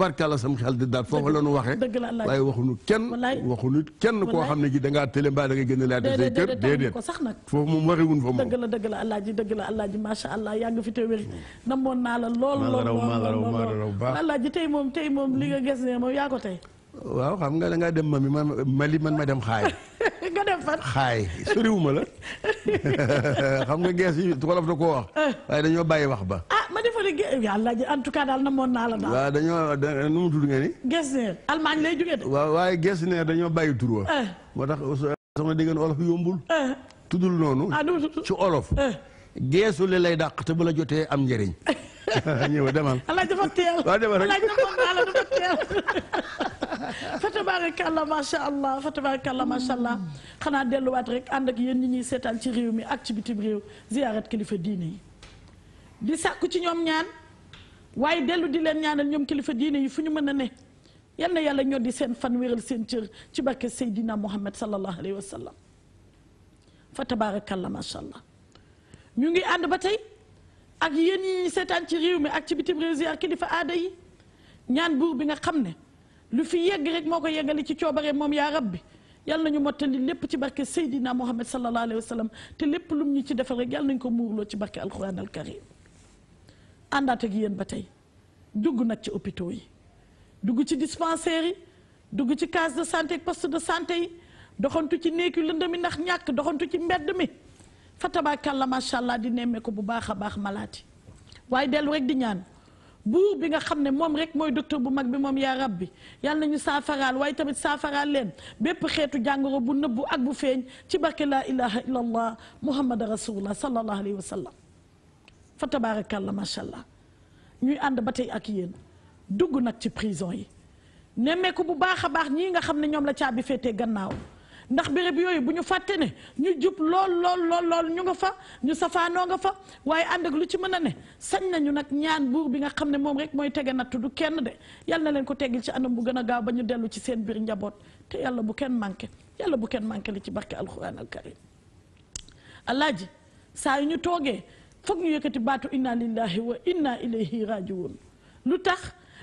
barkàlla sam xel di daal foofu la nu waxee waaye waxuñu kenn waxuñu kenn koo xam ne gi da ngaa télé mbaa da nga génne laa de say kër ko sax nag foofu moom waxewun fa moom dëgg la dëgg la alaaji dëgg la alaaji macha allah yàgg fi te wér hmm. namoon naa la lool lool lool alaaji tey moom tey moom li nga gis ne moom yaa ko tey waaw xam nga da ngaa dem mami ma Mali man ma dem xaay. nga dem fan xaay soriwuma la xam nga gees yi wolof da koo wax. Ah. waaye dañoo bàyyi wax ba. ah ma defoon yàlla en tout cas daal namoon naa la dañoo nu mu tudd lay jógee de. waaw waaye gees neer dañoo bàyyi tur wa. Ah. moo tax soxna dégg ngeen olof yombul. Ah. tuddul noonu. ci olof. geesu li lay dàq te bu la jotee am njëriñ. ñëw demal alaaj dafa teel alaaj namoon naa la dafa teel fa tabarakallah masha ma fa tabarakallah masha allah xanaa delluwaat rek ànd ak yéen ñi ñuy seetaan ci réew mi ak ci réew ziyaarat kilifa diine yi di sàkku ci ñoom ñaan waaye dellu di leen ñaanal ñoom kilifa diine yi fu ñu mën a ne yal yàlla ñoo di seen fan wéral seen cër ci barke Seydina Muhammad sallallahu alayhi wa sallam fa tabarakallah allah ñu ngi ànd ba tey ak yéen ñi seetaan ci réew mi ak ci bitim réew si kilifa aada yi ñaan buur bi nga xam ne lu fi yegg rek moo ko yeggali ci coobare moom yaa rabbi yàlla nañu mottali lépp ci barke Seydina Muhammad sallallahu alayhi wa sallam te lépp lum ñu ci defal rek yàlla nañu ko muurloo ci barke alquran al karim àndaat ak yéen ba tey dugg nag ci hôpitaux yi dugg ci dispensaires yi dugg ci case de santé ak poste de santé yi doxantu ci néeg yu lëndëm mi ndax ñàkk doxantu ci mbedd mi فتبارك الله ما شاء الله دي نيمكو بو باخا باخ مالاتي واي ديلو ريك دي نيان بو بيغا خامني موم ريك موي دكتور بو ماك بي موم يا ربي يالنا ني سافرال واي تاميت سافرال لين بيب خيتو جانغرو بو نوبو اك بو فين تي بارك لا اله الا الله محمد رسول الله صلى الله عليه وسلم فتبارك الله ما شاء الله ني اند باتاي اك يين دغ نك تي بريزون يي نيمكو بو باخا باخ نيغا خامني نيوم لا تيابي فيتي غناو ndax béréb yooyu bu ñu fàttee ne ñu jub lool lool lool lool ñu nga fa ñu safaanoo nga fa waaye ànd ak lu ci mën a ne sañ nañu nag ñaan buur bi nga xam ne moom rek mooy tege natt du kenn de yàlla na leen ko teggil ci anam bu gën a gaaw ba ñu dellu ci seen biir njaboot te yàlla bu kenn manqué yàlla bu kenn manqué li ci barke alquran al karim saa yu ñu toogee foog ñu yëkkati baatu inna lillahi wa inna ilayhi rajiwun lu tax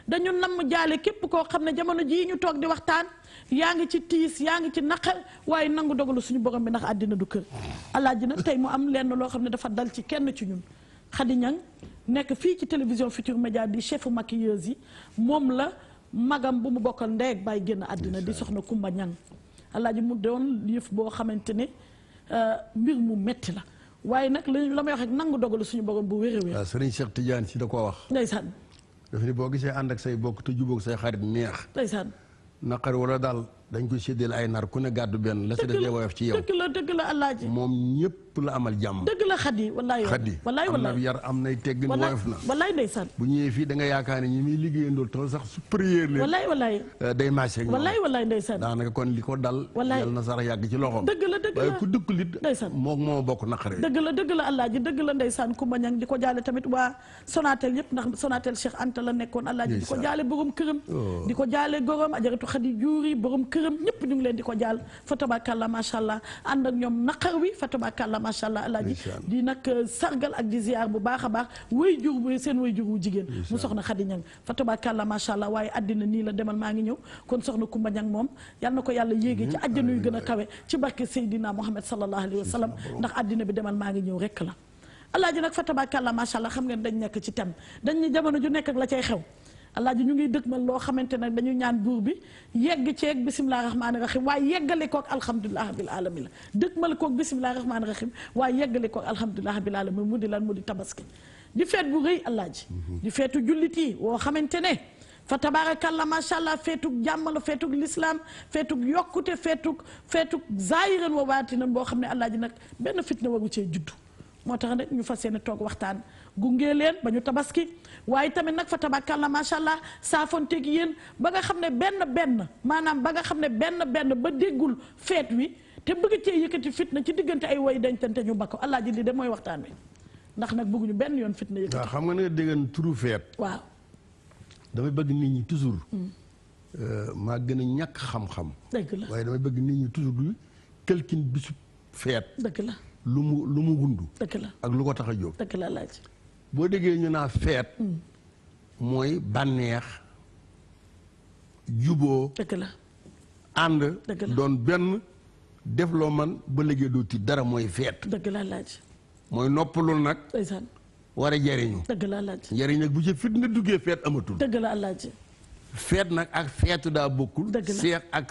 dañu namm jaale képp koo xam ne jamono jii ñu toog di waxtaan yaa ngi ci tiis yaa ngi ci naqar waaye nangu dogalu suñu borom bi ndax àddina du kër alaaji nag tey mu am lenn loo xam ne dafa dal ci kenn ci ñun Khady Niang nekk fii ci télévision Futur Média di chefu maquilleuse yi moom la magam bu mu bokkal ndey ak bàyyi génn àddina di soxna Kumba ñan alaaji mu doon yëf boo xamante ne euh, mbir mu metti la waaye nag la may wax rek nangu dogalu suñu borom bu wér a wér. waaw ah, Serigne Cheikh Tidiane si da koo wax. ndeysaan. dafa ne boo gisee ànd ak say bokk te jubóog say xarit neex. ndeysaan. نقر ولا دال dañ koy séddale ay nar ku ne gàddu benn la si def dee woyof ci yow dëgg la dëgg la alaaji moom ñëpp la amal jàmm dëgg la xadi wallaay xadi wallaay am na yar am nay teggin woyof na wallaay ndeysaan bu ñëwee fii da nga yaakaar ne ñi muy liggéeyandool tool sax supérieur leen wallaay wallaay euh, day marché wallaay wallaay ndeysaan daanaka kon li ko dal wallaay yal na sarax yàgg ci loxoom dëgg la dëgg la waaye ku dëkkul it ndeysaan moog moo bokk naqare dëgg la dëgg la alaaji dëgg la ndeysaan ku mañang di ko jaale tamit waa Sonatel yëpp ndax Sonatel Cheikh Anta la nekkoon alaaji di ko jaale borom këram oh. di ko jaale gorom ajaratu xadi juuri borom kër këram ñëpp ñu ngi leen di ko jàll fa la macha allah ànd ak ñoom naqar wi fa la macha allah alaaji di nag euh, sargal ak di ziar bu baax a baax way jur bu seen way jur wu jigéen mu soxna Xadi Ñang fa la macha allah waaye àddina nii la demal maa ngi ñëw kon soxna Kumba Ñang moom yal na ko yàlla yéegee ci àjjana yu gën a kawe ci barke Seydina Muhammad sallallahu alayhi wa sallam ndax àddina bi demal maa ngi ñëw rekk la alaaji nag fa tabaarakalla macha allah xam ngeen dañ nekk ci tem dañ jamono ju nekk la cay xew alaaji ñu ngi dëgmal loo xamante ne dañu ñaan buur bi yegg ceeg bisimilah rahmaani rahim waaye yeggale koog alhamdulilah bil alamin la dëgmal koog bisimilah rahmaani rahim waaye yeggale koog alhamdulilah bil alamin mu di lan mu di tabaski di feet bu rëy alaaji di feetu jullit yi woo xamante ne fa tabarakallah macha allah feetug jàmm la feetug lislaam feetug yokkute feetug feetug zaayiran wa waatinan boo xam ne alaaji nag benn fitna waru cee juddu moo tax rek ñu fas yéene toog waxtaan gunge leen ba ñu tabaski waaye tamit nag fa tabakalla macha allah saafonteeg yéen ba nga xam ne benn benn maanaam ba nga xam ne benn benn ba déggul feet wi te bëgg ci yëkkati fitna ci diggante ay way dencante ñu bakk allah ji lii de mooy waxtaan wi ndax nag bëgguñu benn yoon fitna yëkkati. waaw xam nga ne déggan turu feet. waaw. damay bëgg nit ñi toujours. Hmm. Euh, maa gën a ñàkk xam-xam. dëgg la waaye dama bëgg nit ñi toujours du këlkin bisu feet. dëgg la lu mu lu mu wund. dëgg la ak lu ko tax a jóg. dëgg la boo déggee ñu naa feet mooy bànneex juboo dëgg la ànd doon benn def loo man ba léegi doo tiit dara mooy feet dëgg la laaj mooy noppalul nag war a jariñu dëgg la laaj njariñ nag bu ci fitna duggee feet amatul dëgg la feet nag ak feetu daa bokkul seex ak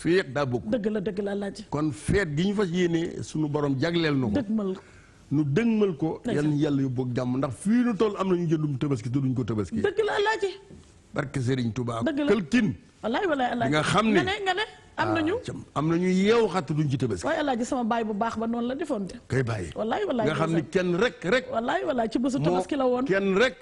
feet daa bokkul dëgg kon feet gi ñu fa yéene sunu borom jagleel na ko nu dëgmal ko. yal yàlla yu boog jàmm ndax fii nu toll am na ñu jëndum tabaski te duñ ko tabaski. dëgg la Alaaji. barke Serigne Touba. dëgg la këlkin. wallaay wallaay Alaaji nga xam ne nga ne. am na nañu ah, am na nañu yeew xatt duñ ci tabaski waaye alaaji sama baay bu baax ba noonu la defoon de kay bàyyi wallaay nga xam ni kenn rek rek wallaay wallaay ci bésu tabaski la woon kenn rek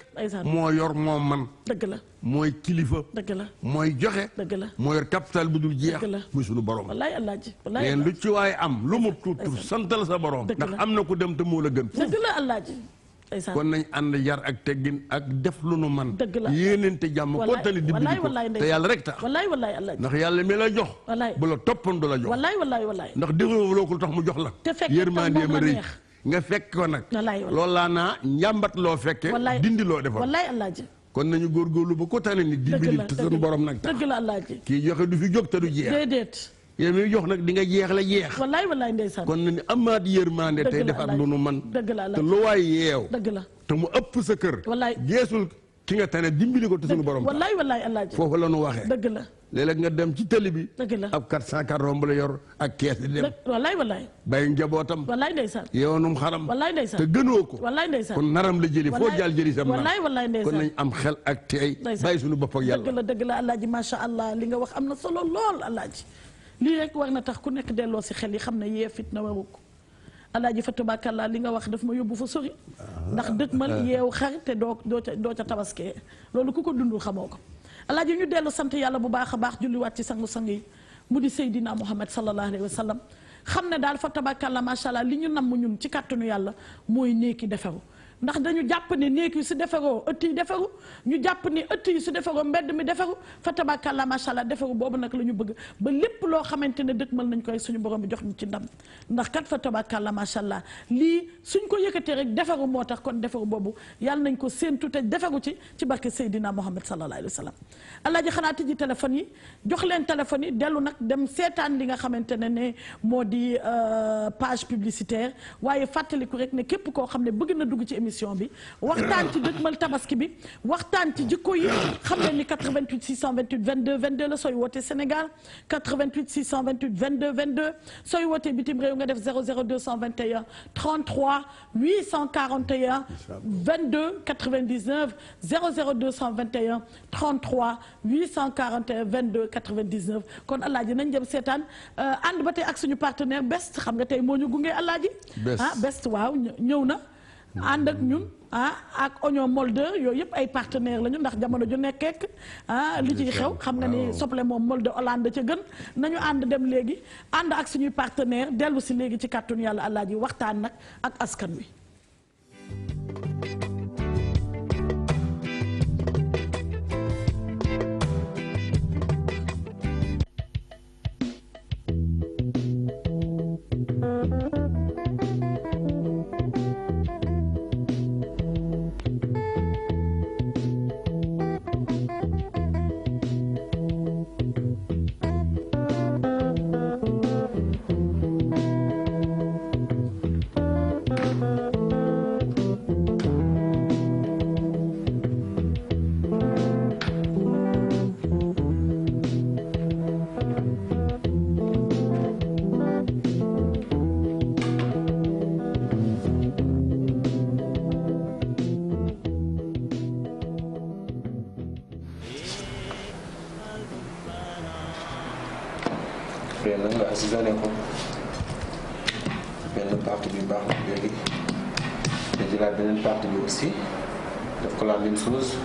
moo yor moo man dëgg la mooy kilifa dëgg la mooy joxe dëgg la moo yor capital bu dul jeex muy sunu borom wallaay alaaji wallaay lu ci waaye am lu mu tuut sant sa borom ndax am na ku dem te moo la gën dëgg la alaaji kon nañu ànd jar ak teggin ak def lu nu man dëgg la yéenente jàmm ko tali di te yàlla rek tax wallaay wallaay allah ndax yàlla mi la jox bu la toppoon du la jox wallaay wallaay wallaay ndax dégloo ko tax mu jox la yërmande ma rëy nga fekk ko nag loolu laa naa njàmbat loo fekke dindi loo defal wallaay alaaji kon nañu góorgóorlu ba ko tali nit dimbali te sunu borom nag tax dëgg la kii joxe du fi jóg te du jeex yow mi jox nag di nga jeex la jeex. wallaay wallaay ndeysaan kon nañu amaat yërmande tey defaat lu nu man dëgg la te lu waay yeew. dëgg la te mu ëpp sa kër. wallaay geesul ki nga tane dimbali ko te suñu borom. wallaay wallaay allah ji foofu la nu waxee dëgg la. léeg-léeg nga dem ci tëli bi. dëgg la ab 404 romb la yor ak kees di dem. wallaay wallaay. bàyyi njabootam. wallaay ndeysaan. yoonum xaram. wallaay ndeysaan te gënoo ko. wallaay ndeysaan kon naram la jëli foo jaal jëli sam. wallaay wallaay ndeysaan kon nañ am xel ak tey. ndeysaan bàyyi suñu bopp yàlla. dëgg la dëgg la alaaji macha allah li nga wax am na solo lool alaaji lii rek war na tax ku nekk delloo si xel yi xam ne yee fit na waru ko alaaji fa tabaakalaa li nga wax daf ma yóbbu fa sori ndax dëkk mal ah. yeew xar te doo doo ca tabaskee loolu ku ko dundul xamoo ko alaaji ñu dellu sant yàlla bu baax a baax julliwaat ci sangu-sang yi mu di Seydina Muhammad sallallahu alayhi wa sallam xam ne daal fa tabaakalaa macha allah li ñu namm ñun ci kàttanu yàlla mooy néeki defaru ndax dañu jàpp ni néeg yi su defaroo ëtt yi defaru ñu jàpp ni ëtt yi su defaroo mbedd mi defaru fa la macha allah defaru boobu nag la ñu bëgg ba lépp loo xamante ne mën nañ koy suñu borom bi jox ñu ci ndam ndax kat fa tabakalla macha allah lii suñ ko yëkkatee rek defaru moo tax kon defaru boobu yàlla nañ ko séentu te defaru ci ci barke Seydina Mohamed sallallahu alayhi wa sallam alaaji xanaa tijji téléphone yi jox leen téléphone yi dellu nag dem seetaan li nga xamante ne ne moo di euh, page publicitaire waaye fàttaliku rek ne képp koo xam ne bëgg na dugg ci émission bi waxtan ci dëgmal tabaski bi waxtan ci jikko yi xam 88 628 22 22 la soy Sénégal 88 628 22 22 Soy woote bitim réew nga def 00 33 841 22 99 00 221 33 841 22 99 kon Aladji, nañ dem sétane euh, and ba ak suñu partenaire best xam nga tay moñu gungé gunge ah, best waaw ñëw na ànd ak ñun ah ak oignon molde yooyu yëpp ay partenaire lañu ndax jamono ju nekkeek ah li ciy xew xam nga ni soble moom molde Hollande ca gën nañu ànd dem léegi ànd ak suñuy partenaire dellu si léegi ci kàttun yàlla àllaaji waxtaan nag ak askan wi colar ventoso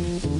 Mm-hmm.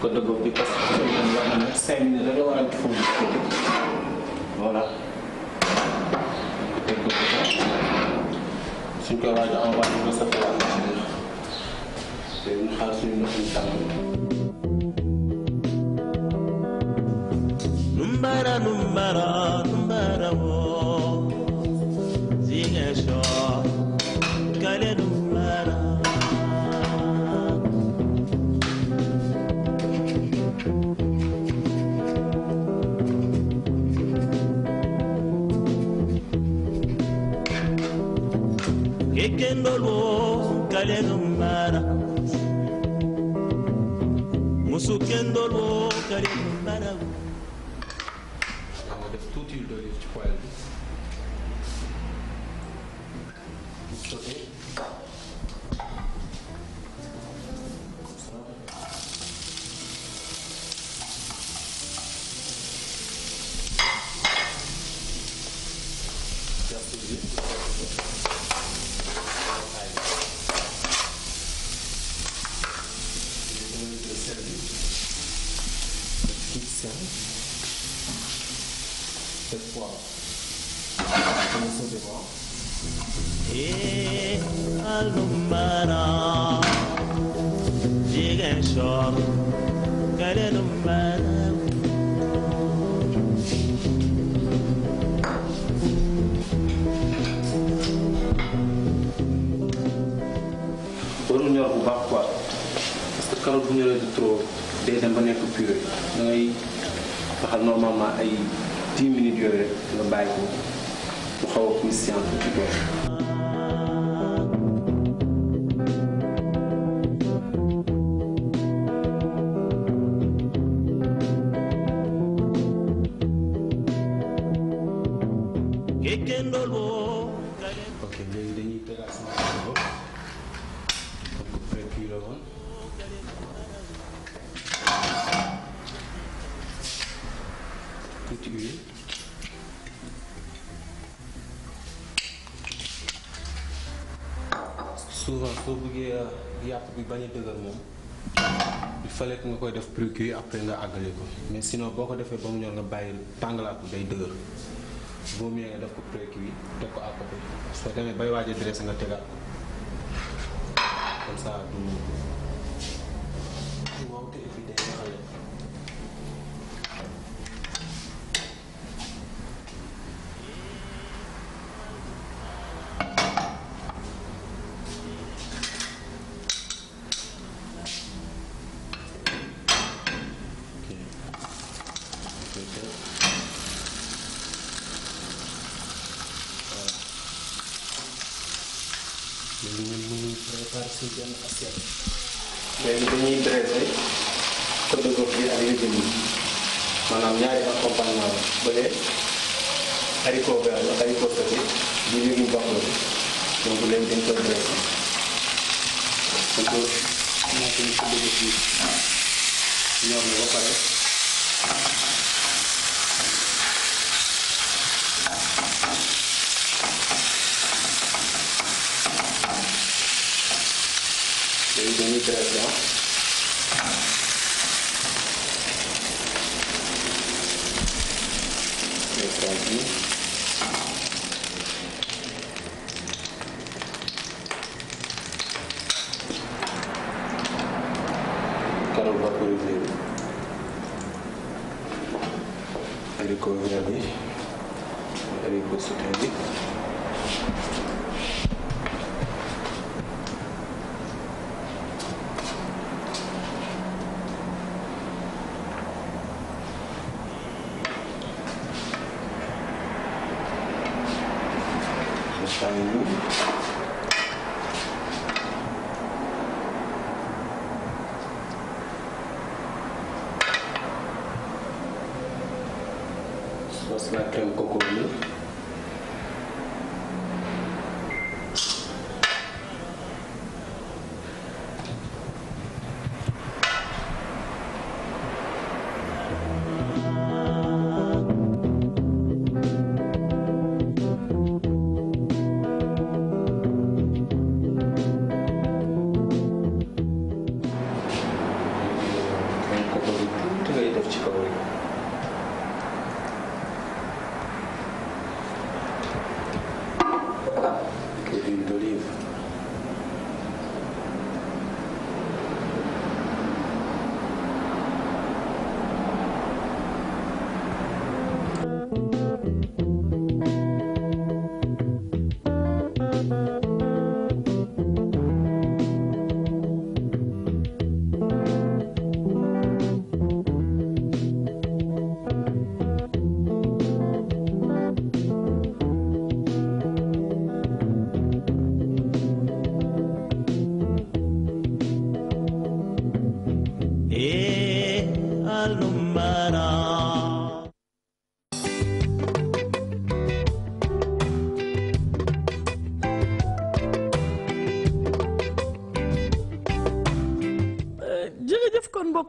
code boobu bi parce que dañu wax ne cinq minutes rek la war a fóot voilà teg ko suñ koy waaj a envoyé ko sa tool te ñu xaar suñu ndox mi tàng. musukendolwo kaleno mara musukendolwo kaleno fële nga koy def précuit après nga àggale ko mais sinon boo ko defee ba mu ñor nga bàyyi tàngalaat ko day dëgër boo mieux nga def ko précuit teg ko à côté soo demee bay waaj a dressé nga tegaat ko comme ça du. desee code gox bi ak régime bi maanaam ñaari accompagnement la bële haricot vert la haricot sauté bi légume baax la donc léegi dañ koy dressé donc commencé ñu code gox bi ñoom la ba pare léegi dañuy dressé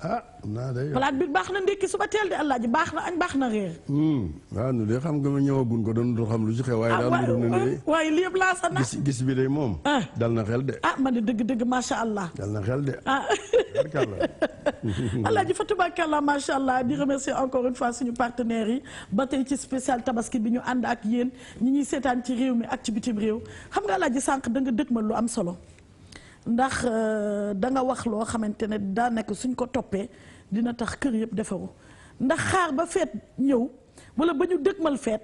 ah naa de palaat bi baax na ndekki suba teel de Alaaji baax na añ baax na réer. waaw hmm. ah, nu de xam nga ma ñëwagun ko doon xam lu ci xew. waaye ah, daal lu dul waaye lépp laa sa na gis gis bi de moom. Ah. dal na xel de. ah man de dëgg dëgg macha allah. dal na xel de. ah. Alaaji Fatou Bakalla macha allah di remercier encore une suñu partenaires yi ba tey ci spécial tabaski bi ñu ànd ak yéen ñu ñuy seetaan ci réew mi ak ci bitim réew xam nga Alaaji sànq da nga ma lu am solo. ndax euh, danga wax loo xamante ne daa nekk suñ ko toppee dina tax kër yëpp defaru ndax xaar ba feet ñëw wala ba ñu dëgmal feet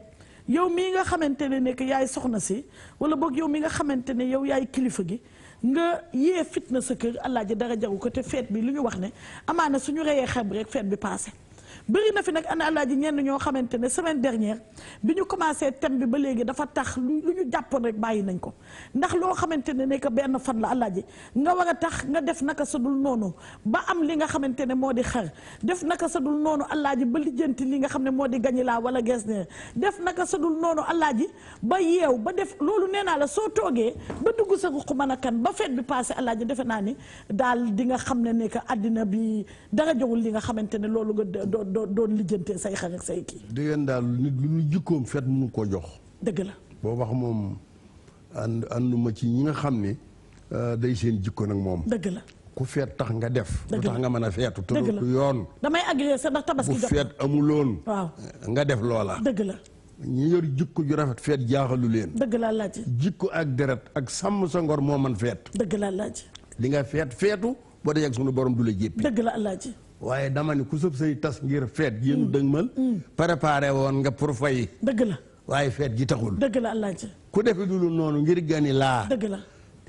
yow mii nga xamante ne nekk yaay soxna si wala boog yow mi nga xamante ne yow yaay kilifa gi nga yee fitna sa kër alaaji dara jaru ko te feet bi lu ñu wax ne amaana ñu reyee xar bi rek feet bi paase. bëri na fi nag ana alaaji ñenn ñoo xamante ne semaine dernière bi ñu commencé thème bi ba léegi dafa tax lu ñu jàppoon rek bàyyi nañ ko ndax loo xamante ne ne que benn fan la alaaji nga war a tax nga def naka sa dul ba am li nga xamante ne moo di xar def naka sa dul noonu alaaji ba lijjanti li nga xam ne moo di gañilaa wala ges ne def naka sa dul noonu alaaji ba yeew ba def loolu nee naa la soo toogee ba dugg sa ruq mën a kan ba feet bi passé alaaji defe naa ni daal di nga xam ne ne que àddina bi dara jogul li nga xamante ne loolu nga do doon lijjante say xar ak say kii. di ngeen daal nit lu ñu jikkoom fet mënu ko jox. dëgg la boo wax moom ànd ànduma ci ñi nga xam euh, day seen jikko nag moom. dëgg la ku feet tax nga def. dëgg tax nga mën a feetu. dëgg la yoon. damay agressé ndax tabaski jot bu feet waaw nga def loola. dëgg la. ñi yor jikko ju rafet feet jaaxalu leen. dëgg la laaj. jikko ak deret ak sàmm sa ngor moo man feet. dëgg la laaj. di nga feet feetu boo dee ak sunu borom du la jéppi. la laaj waye dama ni ku sëb say tas ngir feet gi nu mm. dëgmal mm. préparé won nga pour fay deug la waye feet gi taxul deug la allah ci ku defe dulu nonu ngir gani la deug la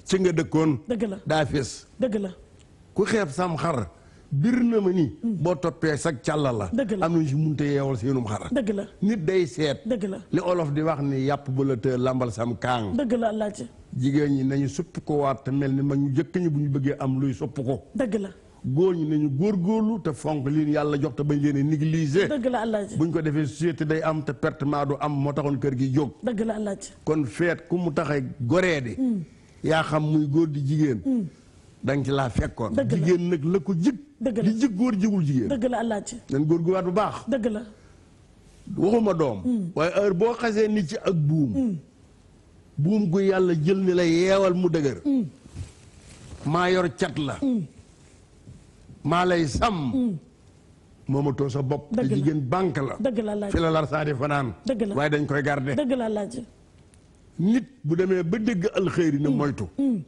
ci nga dekkon deug la da fess deug la ku xef sam xar birna ma ni mm. bo topé sak càlla la am nañ si munte yeewal seenum xar deug la nit day set. deug la li olof di wax ni yap ba lambal sam kang deug la ci jigeen ñi nañu supp ko wat melni mel ni mag ñu jëkk ñi bu ñu am luy supp ko deug la góor ñi nañu góorgóorlu te fonk li yàlla jox te bañ leen a négliger. dëgg la buñ ko defee société day am te pertement du am moo taxoon kër gi jóg. dëgg la kon feet ku mu tax goree hmm. yaa xam muy góor di jigéen. Hmm. danga ci laa fekkoon. jigéen nag la ko jig. dëgg la li jig góor jigul jigéen. dëgg la Alaaji góor gu waat bu baax. dëgg la. waxuma doom. Hmm. waaye heure boo xasee nit ci ak buum. buum gu yàlla jël ni la yeewal mu dëgër. maa yor cat la. maa lay sàmm. Mm. moomatoo sa bopp. dëgg la te jigéen banque la. dëgg la laaj fi la lar saa di fanaan. dëgg la waaye dañ koy garde dëgg la laaj. nit bu demee ba dégg alxëyri na mm. moytu. Mm.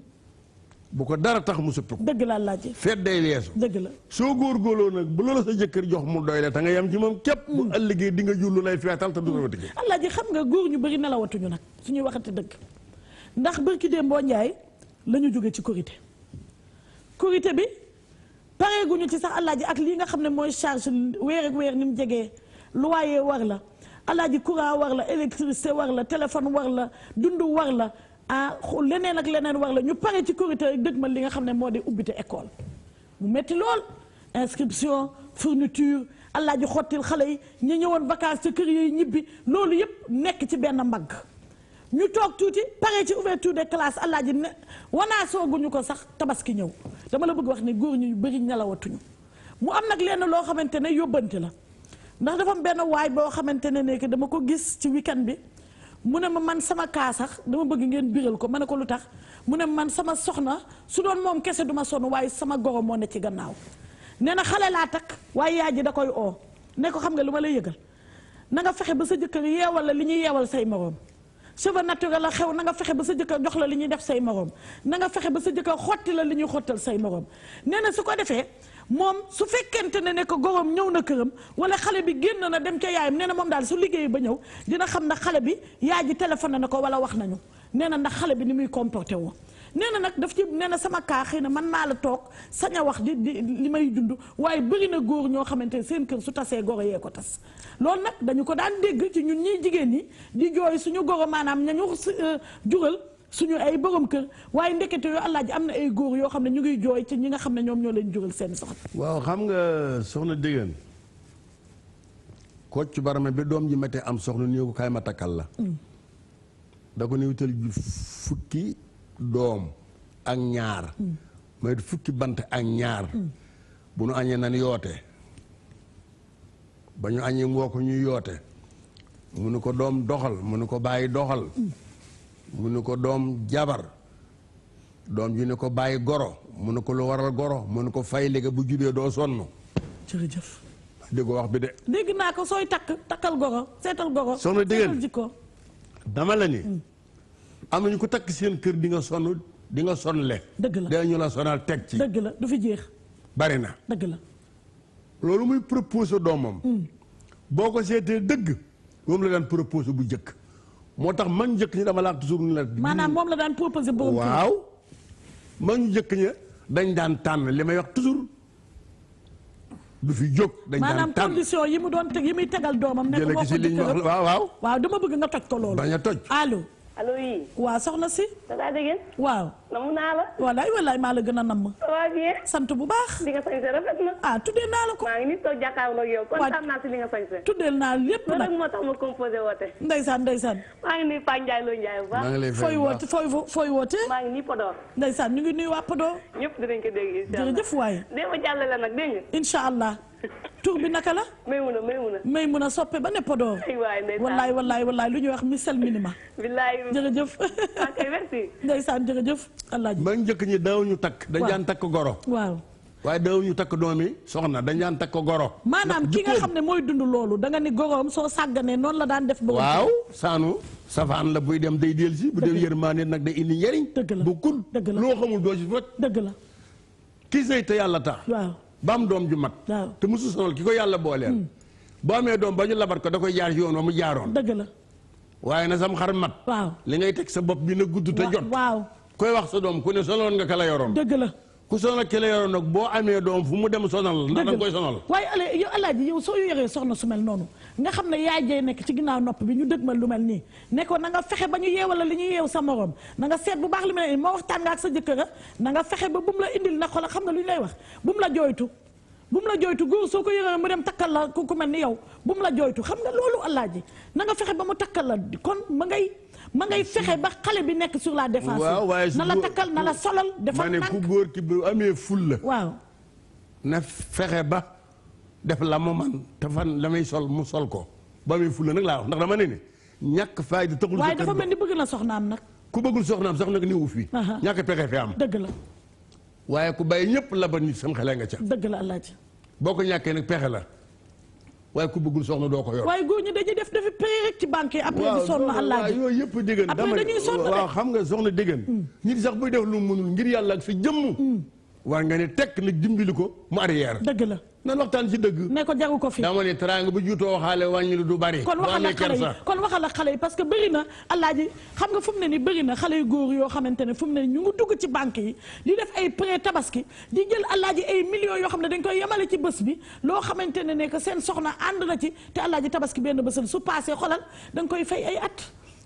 bu ko dara tax mu sëpp ko. dëgg la laaj. feet day weesu. dëgg la soo góor góorgóorloo nag bu loola sa jëkkër jox mu doy la te nga yem ci moom képp. bu ëllëgee di nga jullu lay feetal te du la wëtëgee. alaaji xam nga góor ñu bëri nelawatuñu nag suñuy waxati dëgg ndax barki démboo Njaay la ñu jóge ci korité korité bi guñu ci sax alaaji ak li nga xam moy charge wër ak wër ni djégé loyer war la alaaji courant war la électricité war la téléphone war la dundu war la ah leneen ak leneen war la ñu pare ci Korité deug ma li nga xam ne ubité école mu metti lool inscription fourniture alaaji xottil xale yi ñi ñëwoon vacances ci kër yi ñibbi loolu yépp nekk ci benn mbagg ñu tok touti pare ci ouverture des classes alaaji wana wanaa sooguñu ko sax tabaski ñëw dama la bëgg wax ne góor ñu bëri ñalawatuñu mu am nag lenn loo xamante ne yóbbante la ndax dafa am benn waay boo xamante ne nekk dama ko gis ci weekend bi mu ne ma man sama kaasax sax dama bëgg ngeen biral ko ma ne ko lu tax mu ne man sama soxna su doon moom kese duma sonn waaye sama goro moo ne ci gannaaw nee na xale laa takk waaye yaay ji da koy oo ne ko xam nga lu ma lay yëgal na nga fexe ba sa jëkkër yeewal la li ñuy yeewal say moroom surnaturel la xew na nga fexe ba sa jëkë jox la li ñuy def say morom na nga fexe ba sa jëkë xoti la li ñuy xotal say morom néna su ko défé mom su fekente ne ne ko gorom ñëw na kërëm wala xale bi génn na dem ci yaayam néna mom moom daal su liggéey ba ñëw dina xam na xale bi yaaji téléphoné na ko wala wax nañu néna na ndax xale bi ni muy comporté wu nee na nag daf ci nee na sama kaa xëy na man naa la toog sañ wax di li may dund waaye bëri na góor ñoo xamante ne seen kër su tasee goro yee ko tas loolu nag dañu ko daan dégg ci ñun ñi jigéen ñi di jooy suñu goro maanaam ñañu euh, jural suñu ay borom kër waaye ndekete yoo am na ay góor yoo xam ne ñu ngi jooy ci ñi nga xam ne ñoom ñoo leen jural seen soxna. waaw xam nga soxna Dégane Kocc Barma bi doom ji méttee am soxna ni ko kaay ma takkal la. Mm. da ko ni wutal fukki. doom ak ñaar hmm. may fukki bant ak ñaar hmm. bu nu añee nan yoote ba ñu añee woo ko ñuy yoote mu nu ko doom doxal mu nu ko bàyyi doxal hmm. mu nu ko doom jabar doom ju ne ko bàyyi goro mu nu ko lu waral goro mu nu ko fay léegi bu jubee doo sonn jërëjëf déggoo wax bi de dégg naa ko sooy takk takkal goro seetal goro soxna dégg dama la ni am nañu ko takk seen kër di nga sonn di nga sonn le dëgg la ñu la sonal teg ci. dëgg la du fi jeex. bari na dëgg la. loolu muy proposé doomam. Mm. boo ko seetee dëgg moom la daan propose bu njëkk. moo tax man njëkk ñi dama laa toujours ni la. maanaam moom la daan proposé boobu. waaw man njëkk ña dañ daan tànn li may wax toujours. du fi jóg dañ daan tànn maanaam condition yi mu doon teg yi muy tegal doomam. nekk moo ko jëlee waaw waaw. waaw dama bëgg nga toj ko loolu. bañ a toj allo. waa yii. waaw soxna si. da na dégg. waaw. namu naa la. walaay walaay maa la gën a namm. ça va bien. sant bu baax. li nga sañse rafet na. ah tuddee naa la ko. maa naa si li nga sañse. tuddeel nag loolu moo tax ma composé woote. ndeysaan ndeysaan. maa ngi nii loo Ndiaye bu baax. maa ngi lay fooy woote fooy fooy woote. maa ngi nii Podor. ndeysaan ñu ngi nuyu waa Podor. ñëpp dinañ ko dégg incha allah jërëjëf waay. dee ma jàllale nag allah. tur bi naka la. Maymuna Maymuna. Maymuna soppe ba ne Podor. aywaay ndeysaan wallaay wallaay wallaay lu ñu wax misal minima. billaay jërëjëf. ok ah, merci. ndeysaan jërëjëf. alaaji ba njëkk ñi daawuñu takk. waaw dañ daan takk goro. waaw. waaye daawuñu takk doomi soxna dañ daan takk goro. maanaam ki nga xam ne mooy dund loolu danga ne goroom soo sàgganee noon la daan def. ba waaw saanu. safaan la buy dem day del si bu dee yërmaane nag day indi njëriñ. dëgg la bu kun loo xamul doo ci dëgg la ki sëy te yàlla tax ba am doom ju mat. te mosu sonal ki ko yàlla booleel. Hmm. boo amee doom ba ñu labat ko da koy jaar yoon wa mu jaaroon. dëgg la. waaye na sam xar mat. waaw li ngay teg sa bopp bi na gudd te jot. waaw koy wax sa doom ku ne sonaloon nga kala yoroon. dëgg la. ku sonal ki la yoroon nag boo amee doom fu mu dem sonal. dëgg la ndax da nga koy sonal. waaye Alaaji yow soo yoree soxna su mel noonu. nga xamne ne yaay jay nekk ci ginaaw nopp bi ñu deggal lu mel nii ne na nga fexe bañu yéewal la li ñuy yeew sa morom na nga sét bu baax li mu ne moo waxtaan nga ak sa jëkkër na nga fexe ba bu mu la indil na xol xam nga lu lay wax bu mu la joytu bu mu la joytu góor soko ko mu dem takkal la ku mel ni yow bu mu la joytu xam nga loolu alaaji na nga fexe ba mu takkal la kon ma ngay ma ngay fexe ba xale bi nek sur la défense na la takkal na la solal defal nag ma ku góor ki bu amé ful la waaw na fexe ba def la mu man te fan la may sol mu sol ko ba muy fulla nag laa ndax dama ne ñàkk fayda di waaye dafa mel ni bëgg na soxnaam nag ku bëggul soxnaam sax nag niwu fii ñàkk pexe fi am dëgg la waaye ku bàyyi ñëpp la ba nit sam nga ca dëgg la alaaji boo ko ñàkkee nag pexe la waaye ku bëggul soxna doo ko yor waaye góor ñi dañuy def dafa paye rek ci banque yi après di sonn alaaji yooyu yëpp déggan après dañuy sonn waaw xam nga soxna déggan hmm. nit sax buy def lu mënul ngir yàlla ak sa jëmm hmm. war nga ne tekk nag dimbali ko mu arrière la nan waxtaan ci dëgg. mais ko jaru ko fi dama ne teraanga bu juutoo waxaale wàññi lu du bari. kon waxal xale yi parce que bëri na alaaji xam nga fu mu ne nii bëri na xale yu góor yoo xamante ne fu mu ne ñu ngi dugg ci banque yi di def ay prêt tabaski di jël alaaji ay millions yoo xam ne dañ koy yemale ci bés bi loo xamante ne nekk seen soxna ànd na ci te alaaji tabaski benn bésal su paasee xolal da nga koy fay ay at.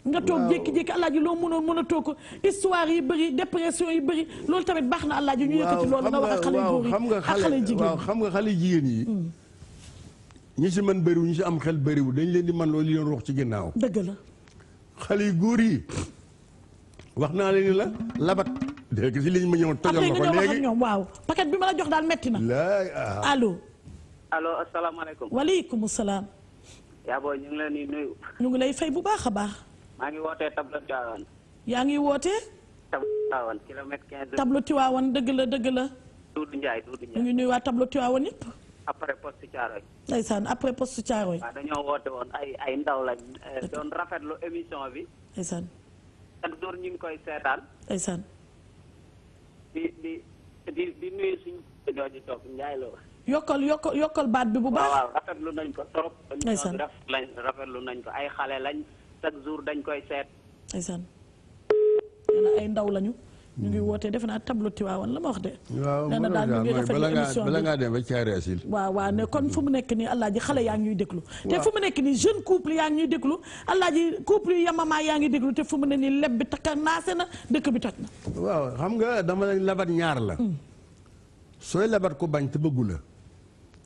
nga toog jékki-jékki alaaji loo mënoon mën a toog ko histoire yi bëri dépression yi bëri lool tamit baax na alaaji ñu yëkkati loolu nga wax ak xale góor yi xam nga xale jigéen yi mm. ñi si mën bëriwu ñi am xel bëriwu dañ leen di man li leen wax ci ginnaaw dëgg la xale yu góor yi wax naa leen la labat dégg si ma ñëw tojal ma ko léegi ñoom waaw paquet bi ma la jox daal metti na allo allo asalaamaaleykum waaleykum salaam yaa booy ñu ngi leen di nuyu ñu ngi lay fay bu baax a baax maa ngi wootee tableau Tivaouane. yaa ngi wootee. tableau Tivaouane kilomètre 15. tableau Tivaouane dëgg la dëgg la. Doudou Ndiaye Doudou Ndiaye ñu ngi nuyuwaat tableau Tivaouane yëpp. après poste Thiaroye. ndeysaan après poste Thiaroye. waaw dañoo woote woon ay ay ndaw lañ euh, doon rafetlu émission bi. ndeysaan. chaque jour ñu ngi koy seetaan. ndeysaan. di di toog Ndiaye yokkal yokkal yokkal baat bi bu baax. waaw rafetlu nañ ko trop. ndeysaan rafetlu nañ ko ay xale lañ. chaque jour dañ koy seet. ndeysaan ay ndaw lañu. ñu ngi wootee defe naa tableau Tivaouane la ma wax de. waaw mën na bala ngaa dem ba caari asil. waaw waaw ne kon fu mu nekk nii Alaaji xale yaa ngi ñuy déglu. te fu mu nekk nii jeune couple yaa ngi ñuy déglu Alaaji couple yu yamama yaa ngi déglu te fu mu ne nii leb bi takka naase na dëkk bi toj na. waaw xam nga dama la labat ñaar la. Hmm. sooy labat ko bañ te bëggu la.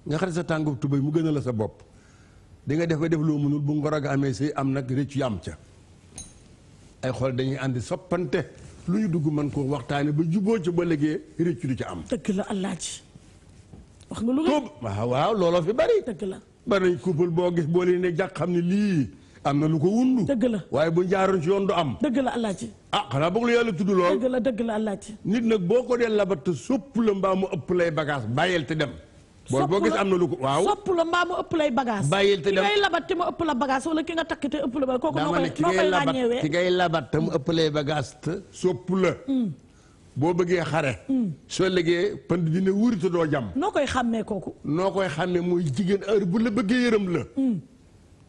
nga xam sa tàngoor tubéy mu gën la sa bopp. di nga def nga def loo mënul bu ngoro ga amee si am nag rëccu yam ca ay xool dañuy ànd soppante lu ñu dugg mën koo waxtaane ba juboo ca ba léegi rëccu du ca am. dëgg la allah ji nga lu waaw waaw looloo fi bari. la bari nañ couple boo gis boo leen ne jàq xam ne lii am na lu ko wundu. dëgg la waaye bu jaaroon ci yoon du am. dëgg la allah ji ah xanaa boog lu yàlla tudd lool. dëgg la dëgg la allah ji nit nag boo ko dee labat te sopp la mbaa mu ëpp lay bagage bàyyil te dem. boo boo gis am lu ko waaw sopp la mbaa mu ëpp lay bagage bàyyil te dem ki ngay labat te mu ëpp la bagage wala ki nga takk te ëpp la bagage ngay labat te mu ëpp lay bagage te sopp la mm. boo bëggee xare mm. soo légee pënd dina wuri te doo jàmm noo koy xàmmee kooku noo koy xàmmee muy jigéen heure bu la bëggee yërëm la mm.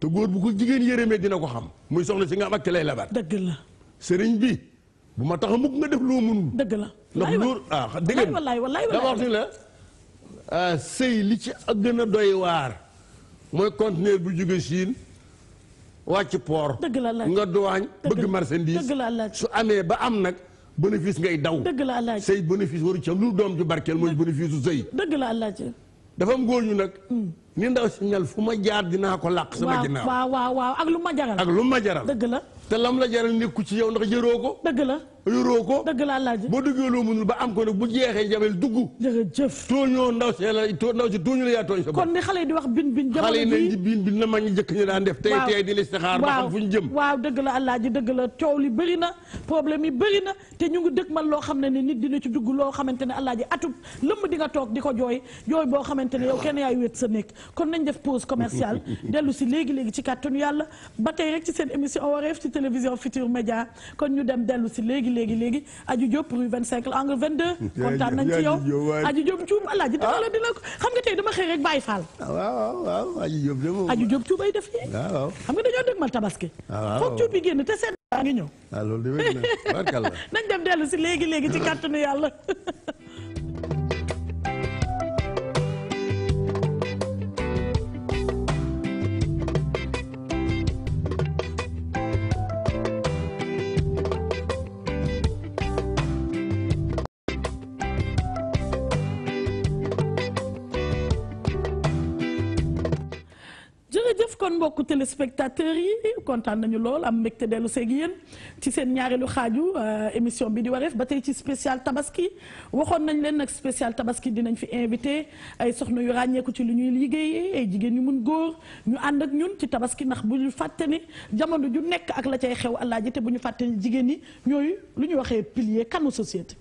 te góor bu ko jigéen yërëmee dina ko xam muy soxna si nga am ak ki lay labat dëgg la sëriñ bi bu ma tax a mukk nga def loo mënul dëgg la ndax góor ah wallaay wallaay wallaay Ah, sëy li ci gën a doy waar mooy conteneur bu jóge Chine wàcc port nga duwaañ bëgg marchandise su amee ba am nag bénéfice ngay daw dëgg la allah sëy bénéfice waru ci lu doom ju barkeel mooy bénéfice su sëy dëgg la allah dafa am góor ñu nag mm. ni ndaw si ñal fu ma jaar dinaa ko làq sama ginnaaw waaw waaw waaw ak lu ma ak lu ma jaral dëgg la te lam la jaral nekku ci yow ndax jëroo ko dëgg la yoroo ko. dëgg laa laaj boo duggee loo mënul ba am ko nag bu jeexee jabel dugg. tooñoo ndaw la ndaw si tooñu la yaa tooñ sa bopp. kon nañ def. tey tey la alaaji li bëri na problème na te ñu ngi loo xam ne ni nit dina ci dugg loo xamante ne alaaji atub lëmb di nga toog di ko jooy jooy boo xamante ne yow kenn yaay wéet sa nekk kon nañ def pause commerciale dellu si léegi léegi ci kàttanu yàlla ba tey rek ci seen émission wareef ci télévision Futur Média kon ñu dem dellu si léegi léegi léegi aju Diop rue 25 la angle 22. kontaan nañ ci yow aju Diop cuub alaaji dina la dina ko xam nga tey dama xëy rek bàyyi faal. Ah, waaw waaw aju Diop de moom. aju Diop cuub ay def yi. Ah, waaw xam nga dañoo dëgmal tabaski. Ah, waaw foog cuub yi génn te seet. daa ngi ñëw. nañ dem dellu si léegi léegi ci kàttanu yàlla kon mbokku téléspectateurs yi kontaan nañu lool am mbégte delu seeg yéen ci seen ñaareelu xaaju euh, émission bi di wareef ba tey ci spécial tabaski waxoon nañ leen nag spécial tabaski dinañ fi invité ay soxna yu ràññeeku ci lu ñuy liggéeyee ay jigéen ñu mun góor ñu ànd ak ñun ci tabaski ndax bu ñu fàtte ni jamono ju nekk ak la cay xew àllaaji te bu ñu fàtte ni jigéen ñi ñooy lu ñuy waxee pilier kanu société